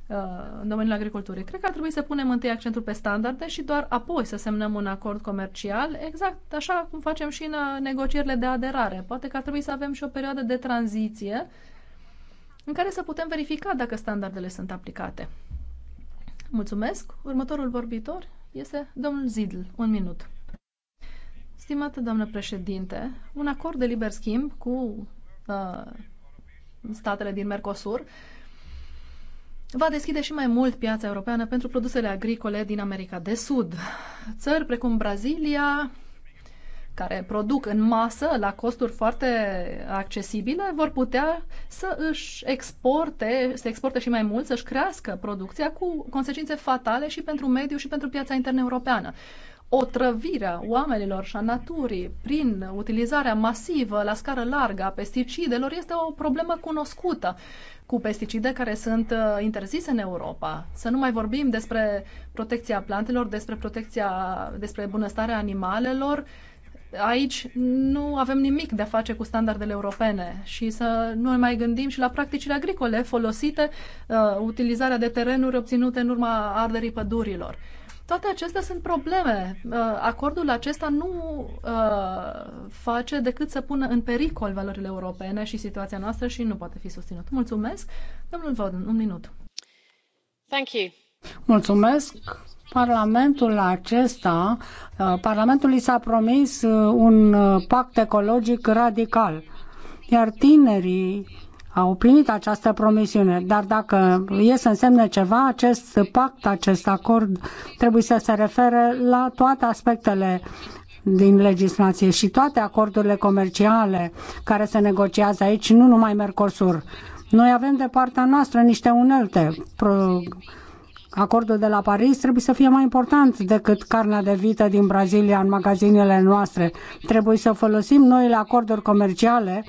Uh, în domeniul agriculturii. Cred că ar trebui să punem întâi accentul pe standarde și doar apoi să semnăm un acord comercial, exact așa cum facem și în uh, negocierile de aderare. Poate că ar trebui să avem și o perioadă de tranziție în care să putem verifica dacă standardele sunt aplicate. Mulțumesc. Următorul vorbitor este domnul Zidl. Un minut. Stimată doamnă președinte, un acord de liber schimb cu uh, statele din Mercosur uh, va deschide și mai mult piața europeană pentru produsele agricole din America de Sud. Țări precum Brazilia, care produc în masă la costuri foarte accesibile, vor putea să își exporte, să exporte și mai mult, să-și crească producția cu consecințe fatale și pentru mediu și pentru piața internă europeană. Otrăvirea oamenilor și a naturii prin utilizarea masivă la scară largă a pesticidelor este o problemă cunoscută cu pesticide care sunt uh, interzise în Europa. Să nu mai vorbim despre protecția plantelor, despre protecția, despre bunăstarea animalelor. Aici nu avem nimic de a face cu standardele europene și să nu ne mai gândim și la practicile agricole folosite, uh, utilizarea de terenuri obținute în urma arderii pădurilor. Toate acestea sunt probleme. Uh, acordul acesta nu uh, face decât să pună în pericol valorile europene și situația noastră și nu poate fi susținut. Mulțumesc. Domnul Vodun, un minut. Thank you. Mulțumesc. Parlamentul acesta, uh, Parlamentul i s-a promis un pact ecologic radical, iar tinerii au primit această promisiune, dar dacă e să însemne ceva, acest pact, acest acord trebuie să se refere la toate aspectele din legislație și toate acordurile comerciale care se negociază aici, nu numai Mercosur. Noi avem de partea noastră niște unelte, pro, Acordul de la Paris trebuie să fie mai important decât carnea de vită din Brazilia în magazinele noastre. Trebuie să folosim noile acorduri comerciale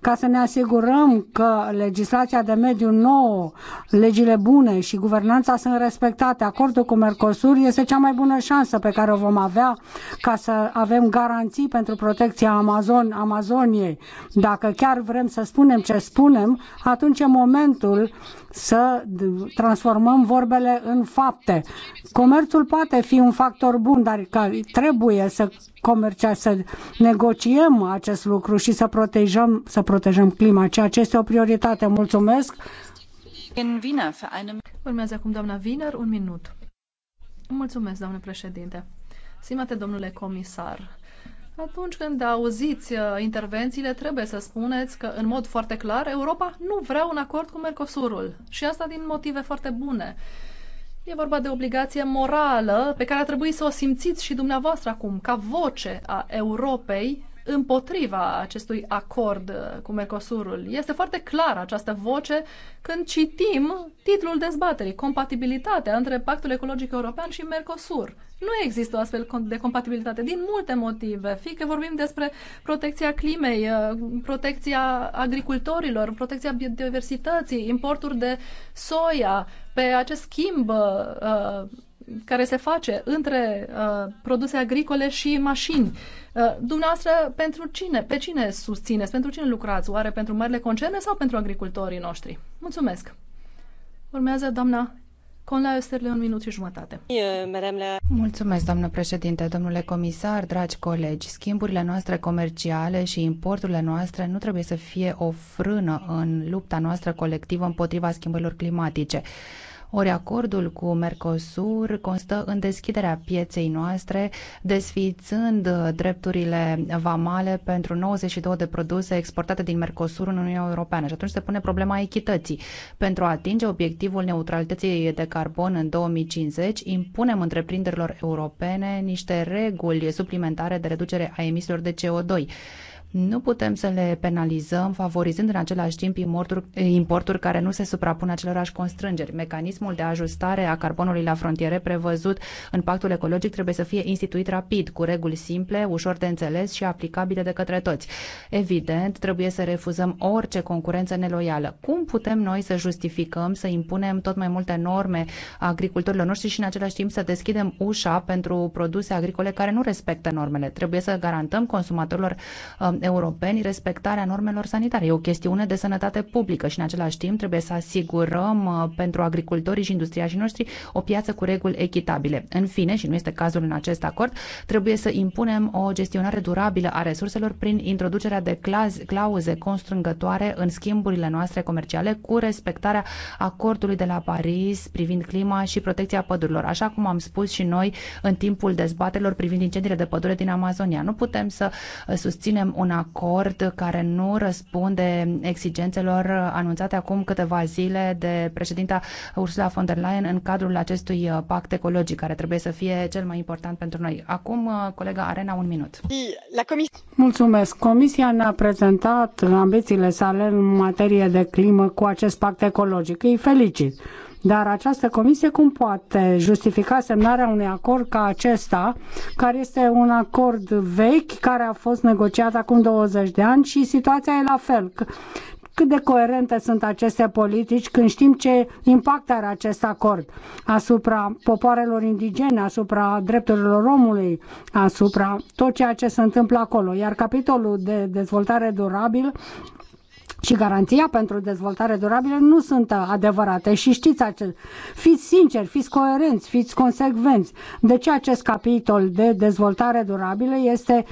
ca să ne asigurăm că legislația de mediu nouă, legile bune și guvernanța sunt respectate. Acordul cu Mercosur este cea mai bună șansă pe care o vom avea ca să avem garanții pentru protecția Amazon, Amazoniei. Dacă chiar vrem să spunem ce spunem, atunci e momentul să transformăm vorbele în fapte. Comerțul poate fi un factor bun, dar trebuie să comercia, să negociem acest lucru și să protejăm, să protejăm clima, ceea ce este o prioritate. Mulțumesc! Urmează acum doamna Wiener, un minut. Mulțumesc, doamnă președinte. Simate, domnule comisar, atunci când auziți uh, intervențiile, trebuie să spuneți că, în mod foarte clar, Europa nu vrea un acord cu Mercosurul. Și asta din motive foarte bune. E vorba de obligație morală pe care a trebuit să o simțiți și dumneavoastră acum, ca voce a Europei împotriva acestui acord uh, cu Mercosurul. Este foarte clară această voce când citim titlul dezbaterii, compatibilitatea între Pactul Ecologic European și Mercosur. Nu există o astfel de compatibilitate din multe motive, fie că vorbim despre protecția climei, uh, protecția agricultorilor, protecția biodiversității, importuri de soia, pe acest schimb uh, care se face între uh, produse agricole și mașini. Uh, dumneavoastră, pentru cine, pe cine susțineți, pentru cine lucrați? Oare pentru marile concerne sau pentru agricultorii noștri? Mulțumesc! Urmează doamna la Österle, un minut și jumătate. Mulțumesc, doamnă președinte, domnule comisar, dragi colegi. Schimburile noastre comerciale și importurile noastre nu trebuie să fie o frână în lupta noastră colectivă împotriva schimbărilor climatice. Ori acordul cu Mercosur constă în deschiderea pieței noastre, desfițând uh, drepturile vamale pentru 92 de produse exportate din Mercosur în Uniunea Europeană. Și atunci se pune problema echității. Pentru a atinge obiectivul neutralității de carbon în 2050, impunem întreprinderilor europene niște reguli suplimentare de reducere a emisiilor de CO2 nu putem să le penalizăm, favorizând în același timp importuri care nu se suprapun acelorași constrângeri. Mecanismul de ajustare a carbonului la frontiere prevăzut în pactul ecologic trebuie să fie instituit rapid, cu reguli simple, ușor de înțeles și aplicabile de către toți. Evident, trebuie să refuzăm orice concurență neloială. Cum putem noi să justificăm, să impunem tot mai multe norme agricultorilor noștri și în același timp să deschidem ușa pentru produse agricole care nu respectă normele? Trebuie să garantăm consumatorilor um, europeni respectarea normelor sanitare. E o chestiune de sănătate publică și în același timp trebuie să asigurăm uh, pentru agricultorii și industriașii noștri o piață cu reguli echitabile. În fine, și nu este cazul în acest acord, trebuie să impunem o gestionare durabilă a resurselor prin introducerea de clauze constrângătoare în schimburile noastre comerciale cu respectarea acordului de la Paris privind clima și protecția pădurilor. Așa cum am spus și noi în timpul dezbaterilor privind incendiile de pădure din Amazonia. Nu putem să uh, susținem un un acord care nu răspunde exigențelor anunțate acum câteva zile de președinta Ursula von der Leyen în cadrul acestui uh, pact ecologic, care trebuie să fie cel mai important pentru noi. Acum, uh, colega Arena, un minut. Mulțumesc. Comisia ne-a prezentat ambițiile sale în materie de climă cu acest pact ecologic. Îi felicit dar această comisie cum poate justifica semnarea unui acord ca acesta, care este un acord vechi, care a fost negociat acum 20 de ani și situația e la fel cât de coerente sunt aceste politici când știm ce impact are acest acord asupra popoarelor indigene, asupra drepturilor omului, asupra tot ceea ce se întâmplă acolo. Iar capitolul de dezvoltare durabil și garanția pentru dezvoltare durabilă nu sunt adevărate și știți acest. Fiți sinceri, fiți coerenți, fiți consecvenți. De ce acest capitol de dezvoltare durabilă este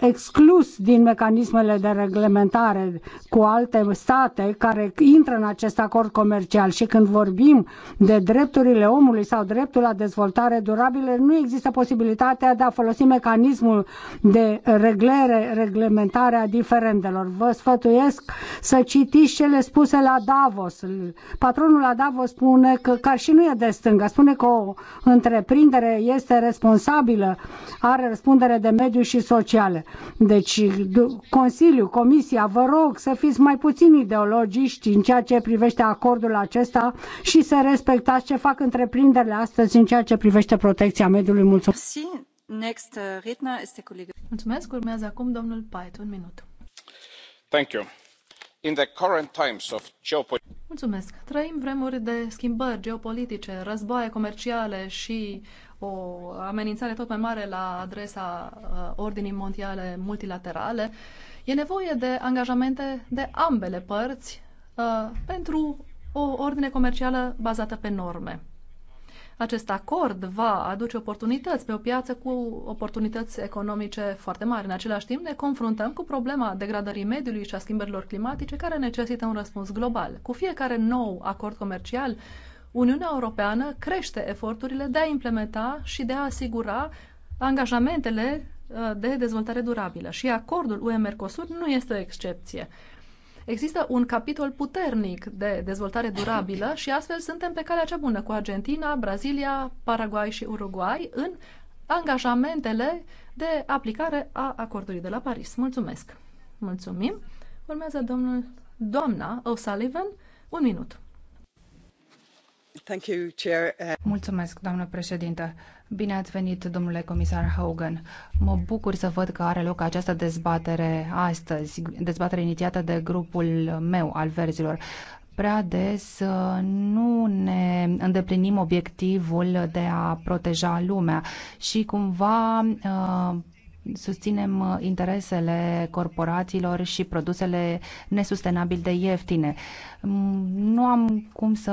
exclus din mecanismele de reglementare cu alte state care intră în acest acord comercial și când vorbim de drepturile omului sau dreptul la dezvoltare durabilă, nu există posibilitatea de a folosi mecanismul de reglere, reglementare a diferendelor. Vă sfătuiesc să citiți cele spuse la Davos. Patronul la Davos spune că, care și nu e de stânga, spune că o întreprindere este responsabilă, are răspundere de mediu și sociale. Deci, Consiliul, Comisia, vă rog să fiți mai puțin ideologiști în ceea ce privește acordul acesta și să respectați ce fac întreprinderile astăzi în ceea ce privește protecția mediului. Mulțumesc! Next, uh, este Mulțumesc. Urmează acum domnul Paet, un minut. Thank you. Trăim vremuri de schimbări geopolitice, războaie comerciale și o amenințare tot mai mare la adresa uh, ordinii mondiale multilaterale. E nevoie de angajamente de ambele părți uh, pentru o ordine comercială bazată pe norme acest acord va aduce oportunități pe o piață cu oportunități economice foarte mari. În același timp, ne confruntăm cu problema degradării mediului și a schimbărilor climatice care necesită un răspuns global. Cu fiecare nou acord comercial, Uniunea Europeană crește eforturile de a implementa și de a asigura angajamentele uh, de dezvoltare durabilă. Și acordul UE-Mercosur nu este o excepție. Există un capitol puternic de dezvoltare durabilă și astfel suntem pe calea cea bună cu Argentina, Brazilia, Paraguay și Uruguay în angajamentele de aplicare a acordului de la Paris. Mulțumesc! Mulțumim! Urmează domnul, doamna O'Sullivan, un minut. Mulțumesc, doamnă președintă. Bine ați venit, domnule comisar Hogan. Mă bucur să văd că are loc această dezbatere astăzi, dezbatere inițiată de grupul meu al verzilor prea des uh, nu ne îndeplinim obiectivul de a proteja lumea și cumva uh, susținem interesele corporațiilor și produsele nesustenabil de ieftine. Mm, nu am cum să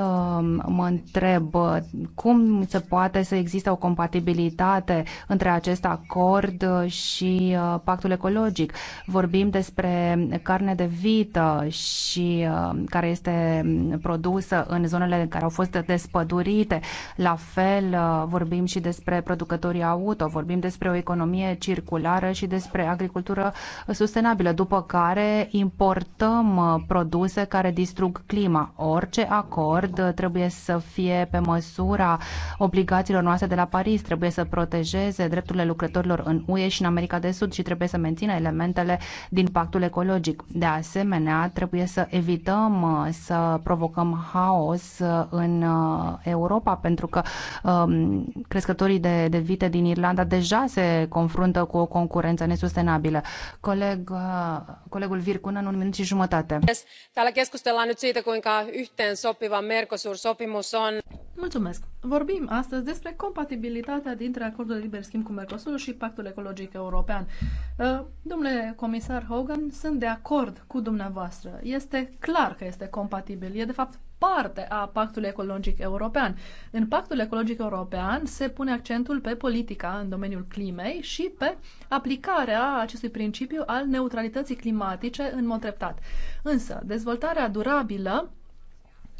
mă întreb uh, cum se poate să existe o compatibilitate între acest acord uh, și uh, pactul ecologic. Vorbim despre carne de vită și care este mm, produsă în zonele care au fost despădurite. La fel vorbim și despre producătorii auto, vorbim despre o economie circulară și despre agricultură sustenabilă, după care importăm produse care distrug clima. Orice acord trebuie să fie pe măsura obligațiilor noastre de la Paris, trebuie să protejeze drepturile lucrătorilor în UE și în America de Sud și trebuie să mențină elementele din pactul ecologic. De asemenea, trebuie să evităm uh, să provocăm haos uh, în uh, Europa, pentru că um, crescătorii de, de vite din Irlanda deja se confruntă cu o concurență nesustenabilă. Coleg, colegul Vircună, în un minut și jumătate. Täällä siitä kuinka yhteensopiva mercosur sopimus on. Mulțumesc. Vorbim astăzi despre compatibilitatea dintre acordul de liber schimb cu Mercosur și pactul ecologic european. Uh, domnule comisar Hogan, sunt de acord cu dumneavoastră. Este clar că este compatibil. E de fapt parte a Pactului Ecologic European. În Pactul Ecologic European se pune accentul pe politica în domeniul climei și pe aplicarea acestui principiu al neutralității climatice în mod treptat. Însă, dezvoltarea durabilă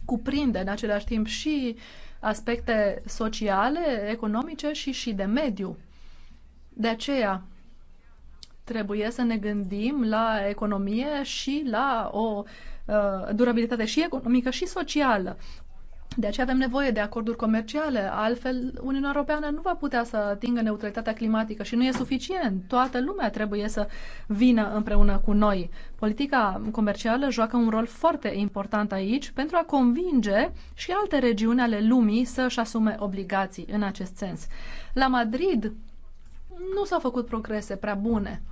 cuprinde în același timp și aspecte sociale, economice și și de mediu. De aceea, trebuie să ne gândim la economie și la o Uh, durabilitate și economică și socială. De aceea avem nevoie de acorduri comerciale, altfel Uniunea Europeană nu va putea să atingă neutralitatea climatică și nu e suficient. Toată lumea trebuie să vină împreună cu noi. Politica comercială joacă un rol foarte important aici pentru a convinge și alte regiuni ale lumii să-și asume obligații în acest sens. La Madrid nu s-au făcut progrese prea bune.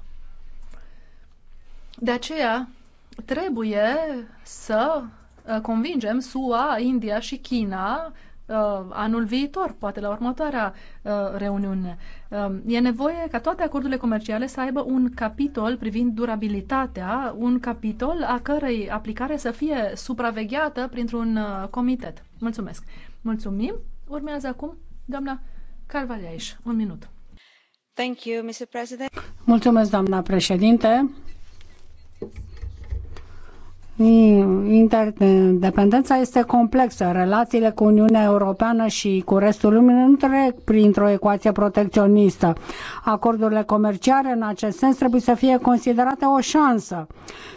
De aceea, Trebuie să uh, convingem SUA, India și China uh, anul viitor, poate la următoarea uh, reuniune. Um, e nevoie ca toate acordurile comerciale să aibă un capitol privind durabilitatea, un capitol a cărei aplicare să fie supravegheată printr-un comitet. Mulțumesc! Mulțumim! Urmează acum doamna Carvalhaiș. Un minut. Thank you, Mr. President. Mulțumesc, doamna președinte interdependența este complexă. Relațiile cu Uniunea Europeană și cu restul lumii nu trec printr-o ecuație protecționistă. Acordurile comerciale în acest sens trebuie să fie considerate o șansă,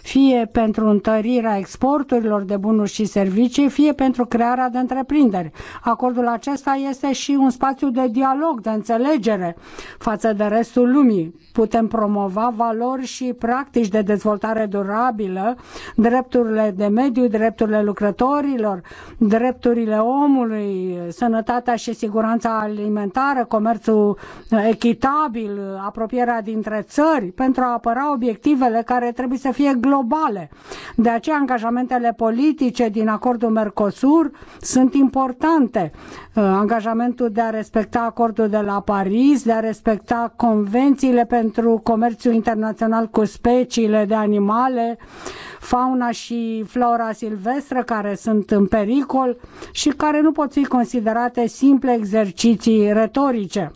fie pentru întărirea exporturilor de bunuri și servicii, fie pentru crearea de întreprinderi. Acordul acesta este și un spațiu de dialog, de înțelegere față de restul lumii. Putem promova valori și practici de dezvoltare durabilă, drept drepturile de mediu, drepturile lucrătorilor, drepturile omului, sănătatea și siguranța alimentară, comerțul uh, echitabil, uh, apropierea dintre țări, pentru a apăra obiectivele care trebuie să fie globale. De aceea angajamentele politice din acordul Mercosur sunt importante. Uh, angajamentul de a respecta acordul de la Paris, de a respecta convențiile pentru comerțul internațional cu speciile de animale, fauna și flora silvestră care sunt în pericol și care nu pot fi considerate simple exerciții retorice.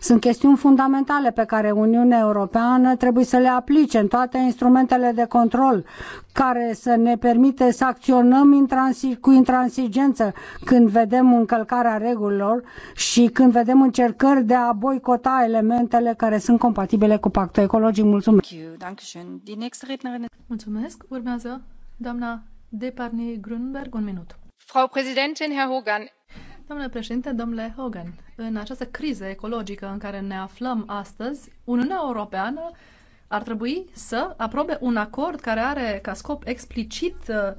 Sunt chestiuni fundamentale pe care Uniunea Europeană trebuie să le aplice în toate instrumentele de control care să ne permite să acționăm cu intransigență când vedem încălcarea regulilor și când vedem încercări de a boicota elementele care sunt compatibile cu pactul ecologic. Mulțumesc! Mulțumesc! Urmează doamna Deparni Grünberg, un minut. Frau Präsidentin, Herr Hogan, Domnule președinte, domnule Hogan, în această criză ecologică în care ne aflăm astăzi, Uniunea Europeană ar trebui să aprobe un acord care are ca scop explicit uh,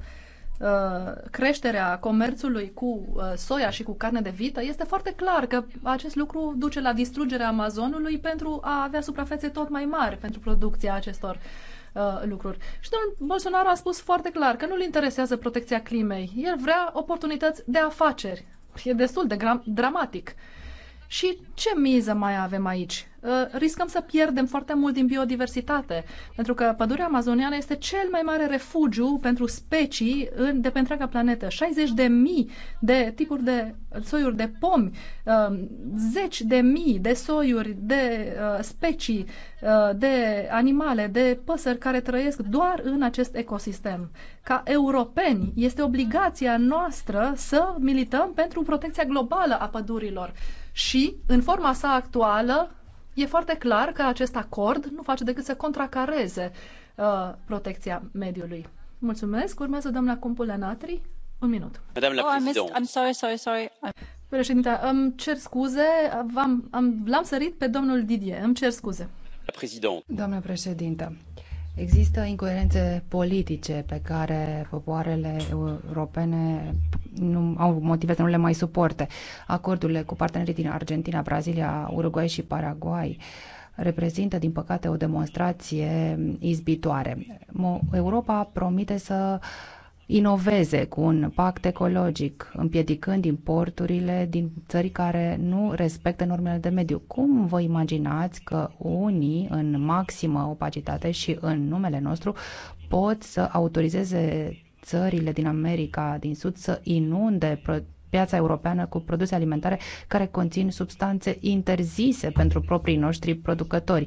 uh, creșterea comerțului cu uh, soia și cu carne de vită, este foarte clar că acest lucru duce la distrugerea Amazonului pentru a avea suprafețe tot mai mari pentru producția acestor lucruri. Și domnul Bolsonaro a spus foarte clar că nu-l interesează protecția climei. El vrea oportunități de afaceri. E destul de dramatic. Și ce miză mai avem aici? Uh, riscăm să pierdem foarte mult din biodiversitate, pentru că pădurea amazoniană este cel mai mare refugiu pentru specii de pe întreaga planetă. 60 de mii de tipuri de soiuri de pomi, uh, zeci de mii de soiuri de uh, specii de animale, de păsări care trăiesc doar în acest ecosistem. Ca europeni, este obligația noastră să milităm pentru protecția globală a pădurilor. Și, în forma sa actuală, E foarte clar că acest acord nu face decât să contracareze uh, protecția mediului. Mulțumesc. Urmează doamna Cumpule Natri. Un minut. Madame oh, I'm sorry, sorry, sorry. Președinte, îmi cer scuze, am, am, l-am sărit pe domnul Didier, îmi cer scuze. Doamna președintă, Există incoerențe politice pe care popoarele europene nu, au motive să nu le mai suporte. Acordurile cu partenerii din Argentina, Brazilia, Uruguay și Paraguay reprezintă, din păcate, o demonstrație izbitoare. Europa promite să uh, inoveze cu un pact ecologic, împiedicând importurile din țări care nu respectă normele de mediu. Cum vă imaginați că unii, în maximă opacitate și în numele nostru, pot să autorizeze țările din America din Sud să inunde piața europeană cu produse alimentare care conțin substanțe interzise pentru proprii noștri producători.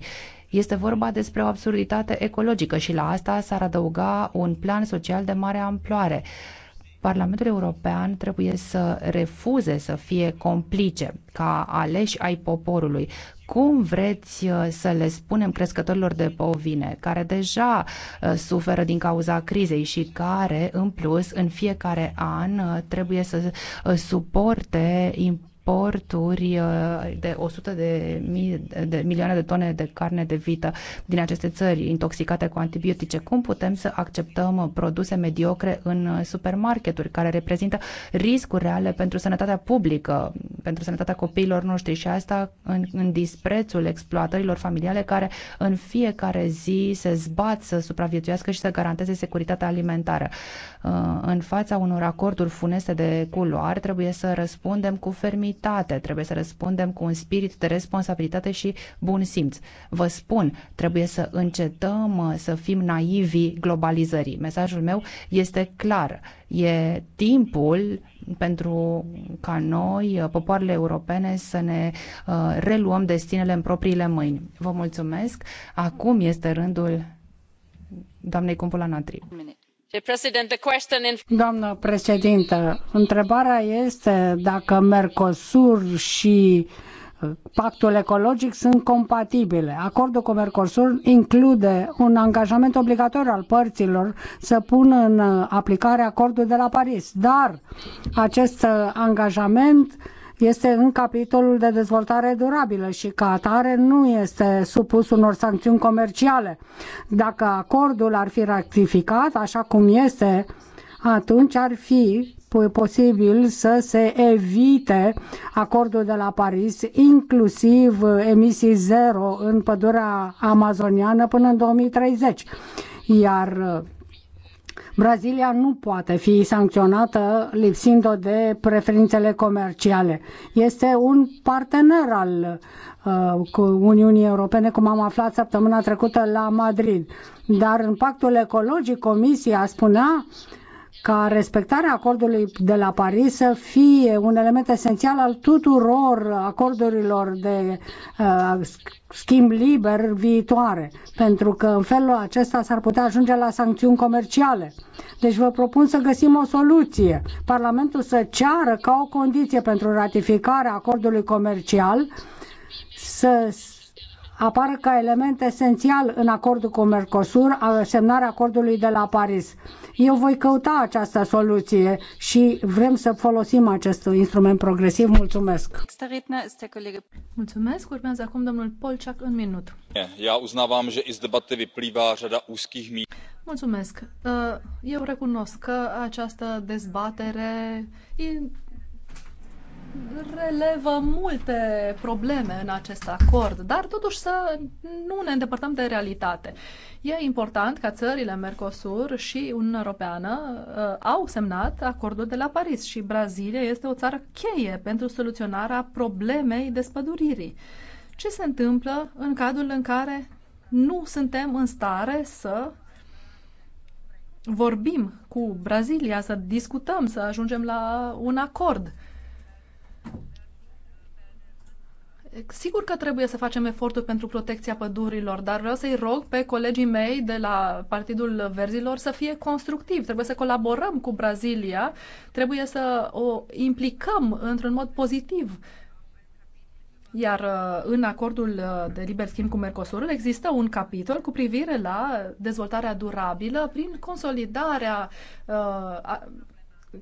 Este vorba despre o absurditate ecologică și la asta s-ar adăuga un plan social de mare amploare. Parlamentul European trebuie să refuze să fie complice ca aleși ai poporului. Cum vreți uh, să le spunem crescătorilor de povine, care deja uh, suferă din cauza crizei și care, în plus, în fiecare an uh, trebuie să suporte exporturi uh, de 100 de, mii, de milioane de tone de carne de vită din aceste țări intoxicate cu antibiotice. Cum putem să acceptăm produse mediocre în supermarketuri care reprezintă riscuri reale pentru sănătatea publică, pentru sănătatea copiilor noștri și asta în, în disprețul exploatărilor familiale care în fiecare zi se zbat să supraviețuiască și să garanteze securitatea alimentară. Uh, în fața unor acorduri funeste de culoar trebuie să răspundem cu fermitate comunitate. trebuie să răspundem cu un spirit de responsabilitate și bun simț. Vă spun, trebuie să încetăm uh, să fim naivi globalizării. Mesajul meu este clar. E timpul pentru ca noi, uh, popoarele europene, să ne uh, reluăm destinele în propriile mâini. Vă mulțumesc. Acum este rândul doamnei Cumpula Natri. Un Doamnă președintă, întrebarea este dacă Mercosur și uh, pactul ecologic sunt compatibile. Acordul cu Mercosur include un angajament obligatoriu al părților să pună în uh, aplicare acordul de la Paris, dar acest uh, angajament este în capitolul de dezvoltare durabilă și ca atare nu este supus unor sancțiuni comerciale. Dacă acordul ar fi rectificat așa cum este, atunci ar fi posibil să se evite acordul de la Paris, inclusiv uh, emisii zero în pădurea amazoniană până în 2030. Iar uh, Brazilia nu poate fi sancționată lipsind-o de preferințele comerciale. Este un partener al uh, Uniunii Europene, cum am aflat săptămâna trecută la Madrid. Dar în pactul ecologic, Comisia spunea uh, ca respectarea acordului de la Paris să fie un element esențial al tuturor acordurilor de uh, schimb liber viitoare, pentru că în felul acesta s-ar putea ajunge la sancțiuni comerciale. Deci vă propun să găsim o soluție. Parlamentul să ceară ca o condiție pentru ratificarea acordului comercial să apară ca element esențial în acordul cu Mercosur, semnarea acordului de la Paris. Eu voi căuta această soluție și vrem să folosim acest instrument progresiv. Mulțumesc! Mulțumesc! Urmează acum domnul Polciac în minut. Ja uznavam că i z debaty vyplývá řada úzkých míst. Mulțumesc. Uh, eu recunosc că această dezbatere relevă multe probleme în acest acord, dar totuși să nu ne îndepărtăm de realitate. E important ca țările Mercosur și Uniunea Europeană uh, au semnat acordul de la Paris și Brazilia este o țară cheie pentru soluționarea problemei despăduririi. Ce se întâmplă în cadrul în care nu suntem în stare să vorbim cu Brazilia, să discutăm, să ajungem la un acord? Sigur că trebuie să facem eforturi pentru protecția pădurilor, dar vreau să-i rog pe colegii mei de la Partidul Verzilor să fie constructivi. Trebuie să colaborăm cu Brazilia, trebuie să o implicăm într-un mod pozitiv. Iar uh, în acordul uh, de liber schimb cu Mercosurul există un capitol cu privire la dezvoltarea durabilă prin consolidarea uh,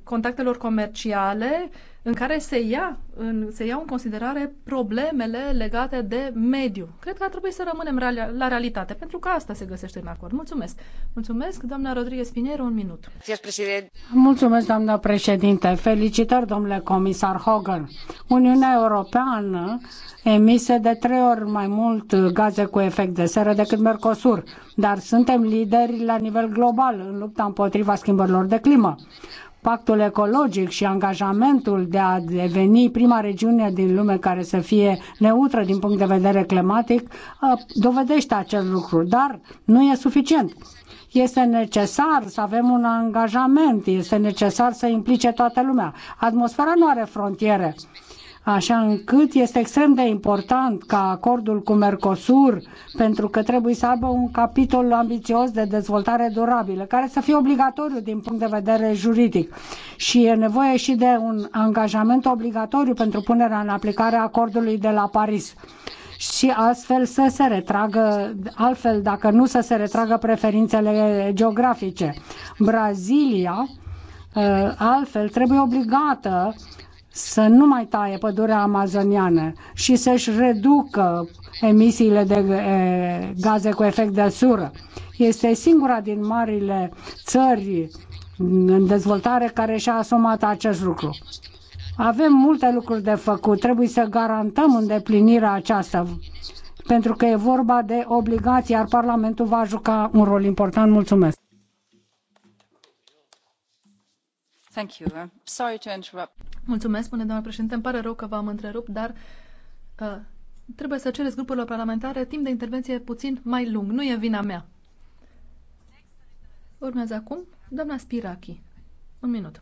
contactelor comerciale în care se, ia, în, se iau în considerare problemele legate de mediu. Cred că ar trebui să rămânem la realitate, pentru că asta se găsește în acord. Mulțumesc! Mulțumesc, doamna Rodriguez Pinheiro, un minut. Mulțumesc, doamna președinte. Felicitări, domnule comisar Hogan. Uniunea Europeană emise de trei ori mai mult gaze cu efect de seră decât Mercosur, dar suntem lideri la nivel global în lupta împotriva schimbărilor de climă pactul ecologic și angajamentul de a deveni prima regiune din lume care să fie neutră din punct de vedere climatic ă, dovedește acest lucru, dar nu e suficient. Este necesar să avem un angajament, este necesar să implice toată lumea. Atmosfera nu are frontiere așa încât este extrem de important ca acordul cu Mercosur, pentru că trebuie să aibă un capitol ambițios de dezvoltare durabilă, care să fie obligatoriu din punct de vedere juridic. Și e nevoie și de un angajament obligatoriu pentru punerea în aplicare a acordului de la Paris și astfel să se retragă, altfel dacă nu să se retragă preferințele geografice. Brazilia ă, altfel trebuie obligată să nu mai taie pădurea amazoniană și să-și reducă emisiile de gaze cu efect de sură. Este singura din marile țări în dezvoltare care și-a asumat acest lucru. Avem multe lucruri de făcut, trebuie să garantăm îndeplinirea aceasta, pentru că e vorba de obligații, iar Parlamentul va juca un rol important. Mulțumesc! doamnă președintă Mulțumesc, președinte. Îmi pare rău că v-am întrerupt, dar uh, trebuie să cereți grupurilor parlamentare timp de intervenție puțin mai lung. Nu e vina mea. Urmează acum doamna Spiraki. Un minut.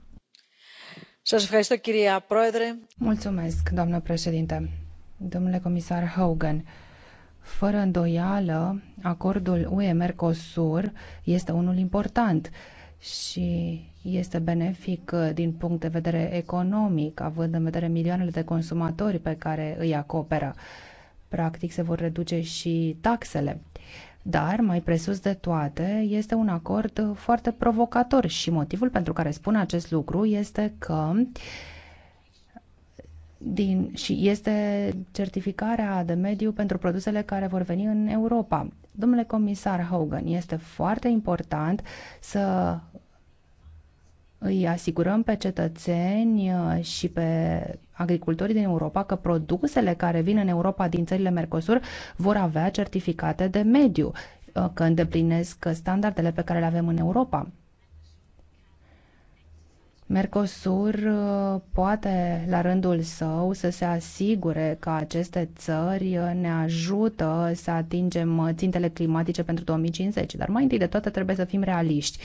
Mulțumesc, doamnă președinte. Domnule comisar Hogan, fără îndoială, acordul UE-Mercosur este unul important și este benefic uh, din punct de vedere economic, având în vedere milioanele de consumatori pe care îi acoperă. Practic se vor reduce și taxele. Dar, mai presus de toate, este un acord foarte provocator și motivul pentru care spun acest lucru este că din, și este certificarea de mediu pentru produsele care vor veni în Europa. Domnule comisar Hogan, este foarte important să îi asigurăm pe cetățeni uh, și pe agricultorii din Europa că produsele care vin în Europa din țările Mercosur vor avea certificate de mediu, uh, că îndeplinesc standardele pe care le avem în Europa. Mercosur uh, poate, la rândul său, să se asigure că aceste țări ne ajută să atingem țintele climatice pentru 2050, dar mai întâi de toate trebuie să fim realiști.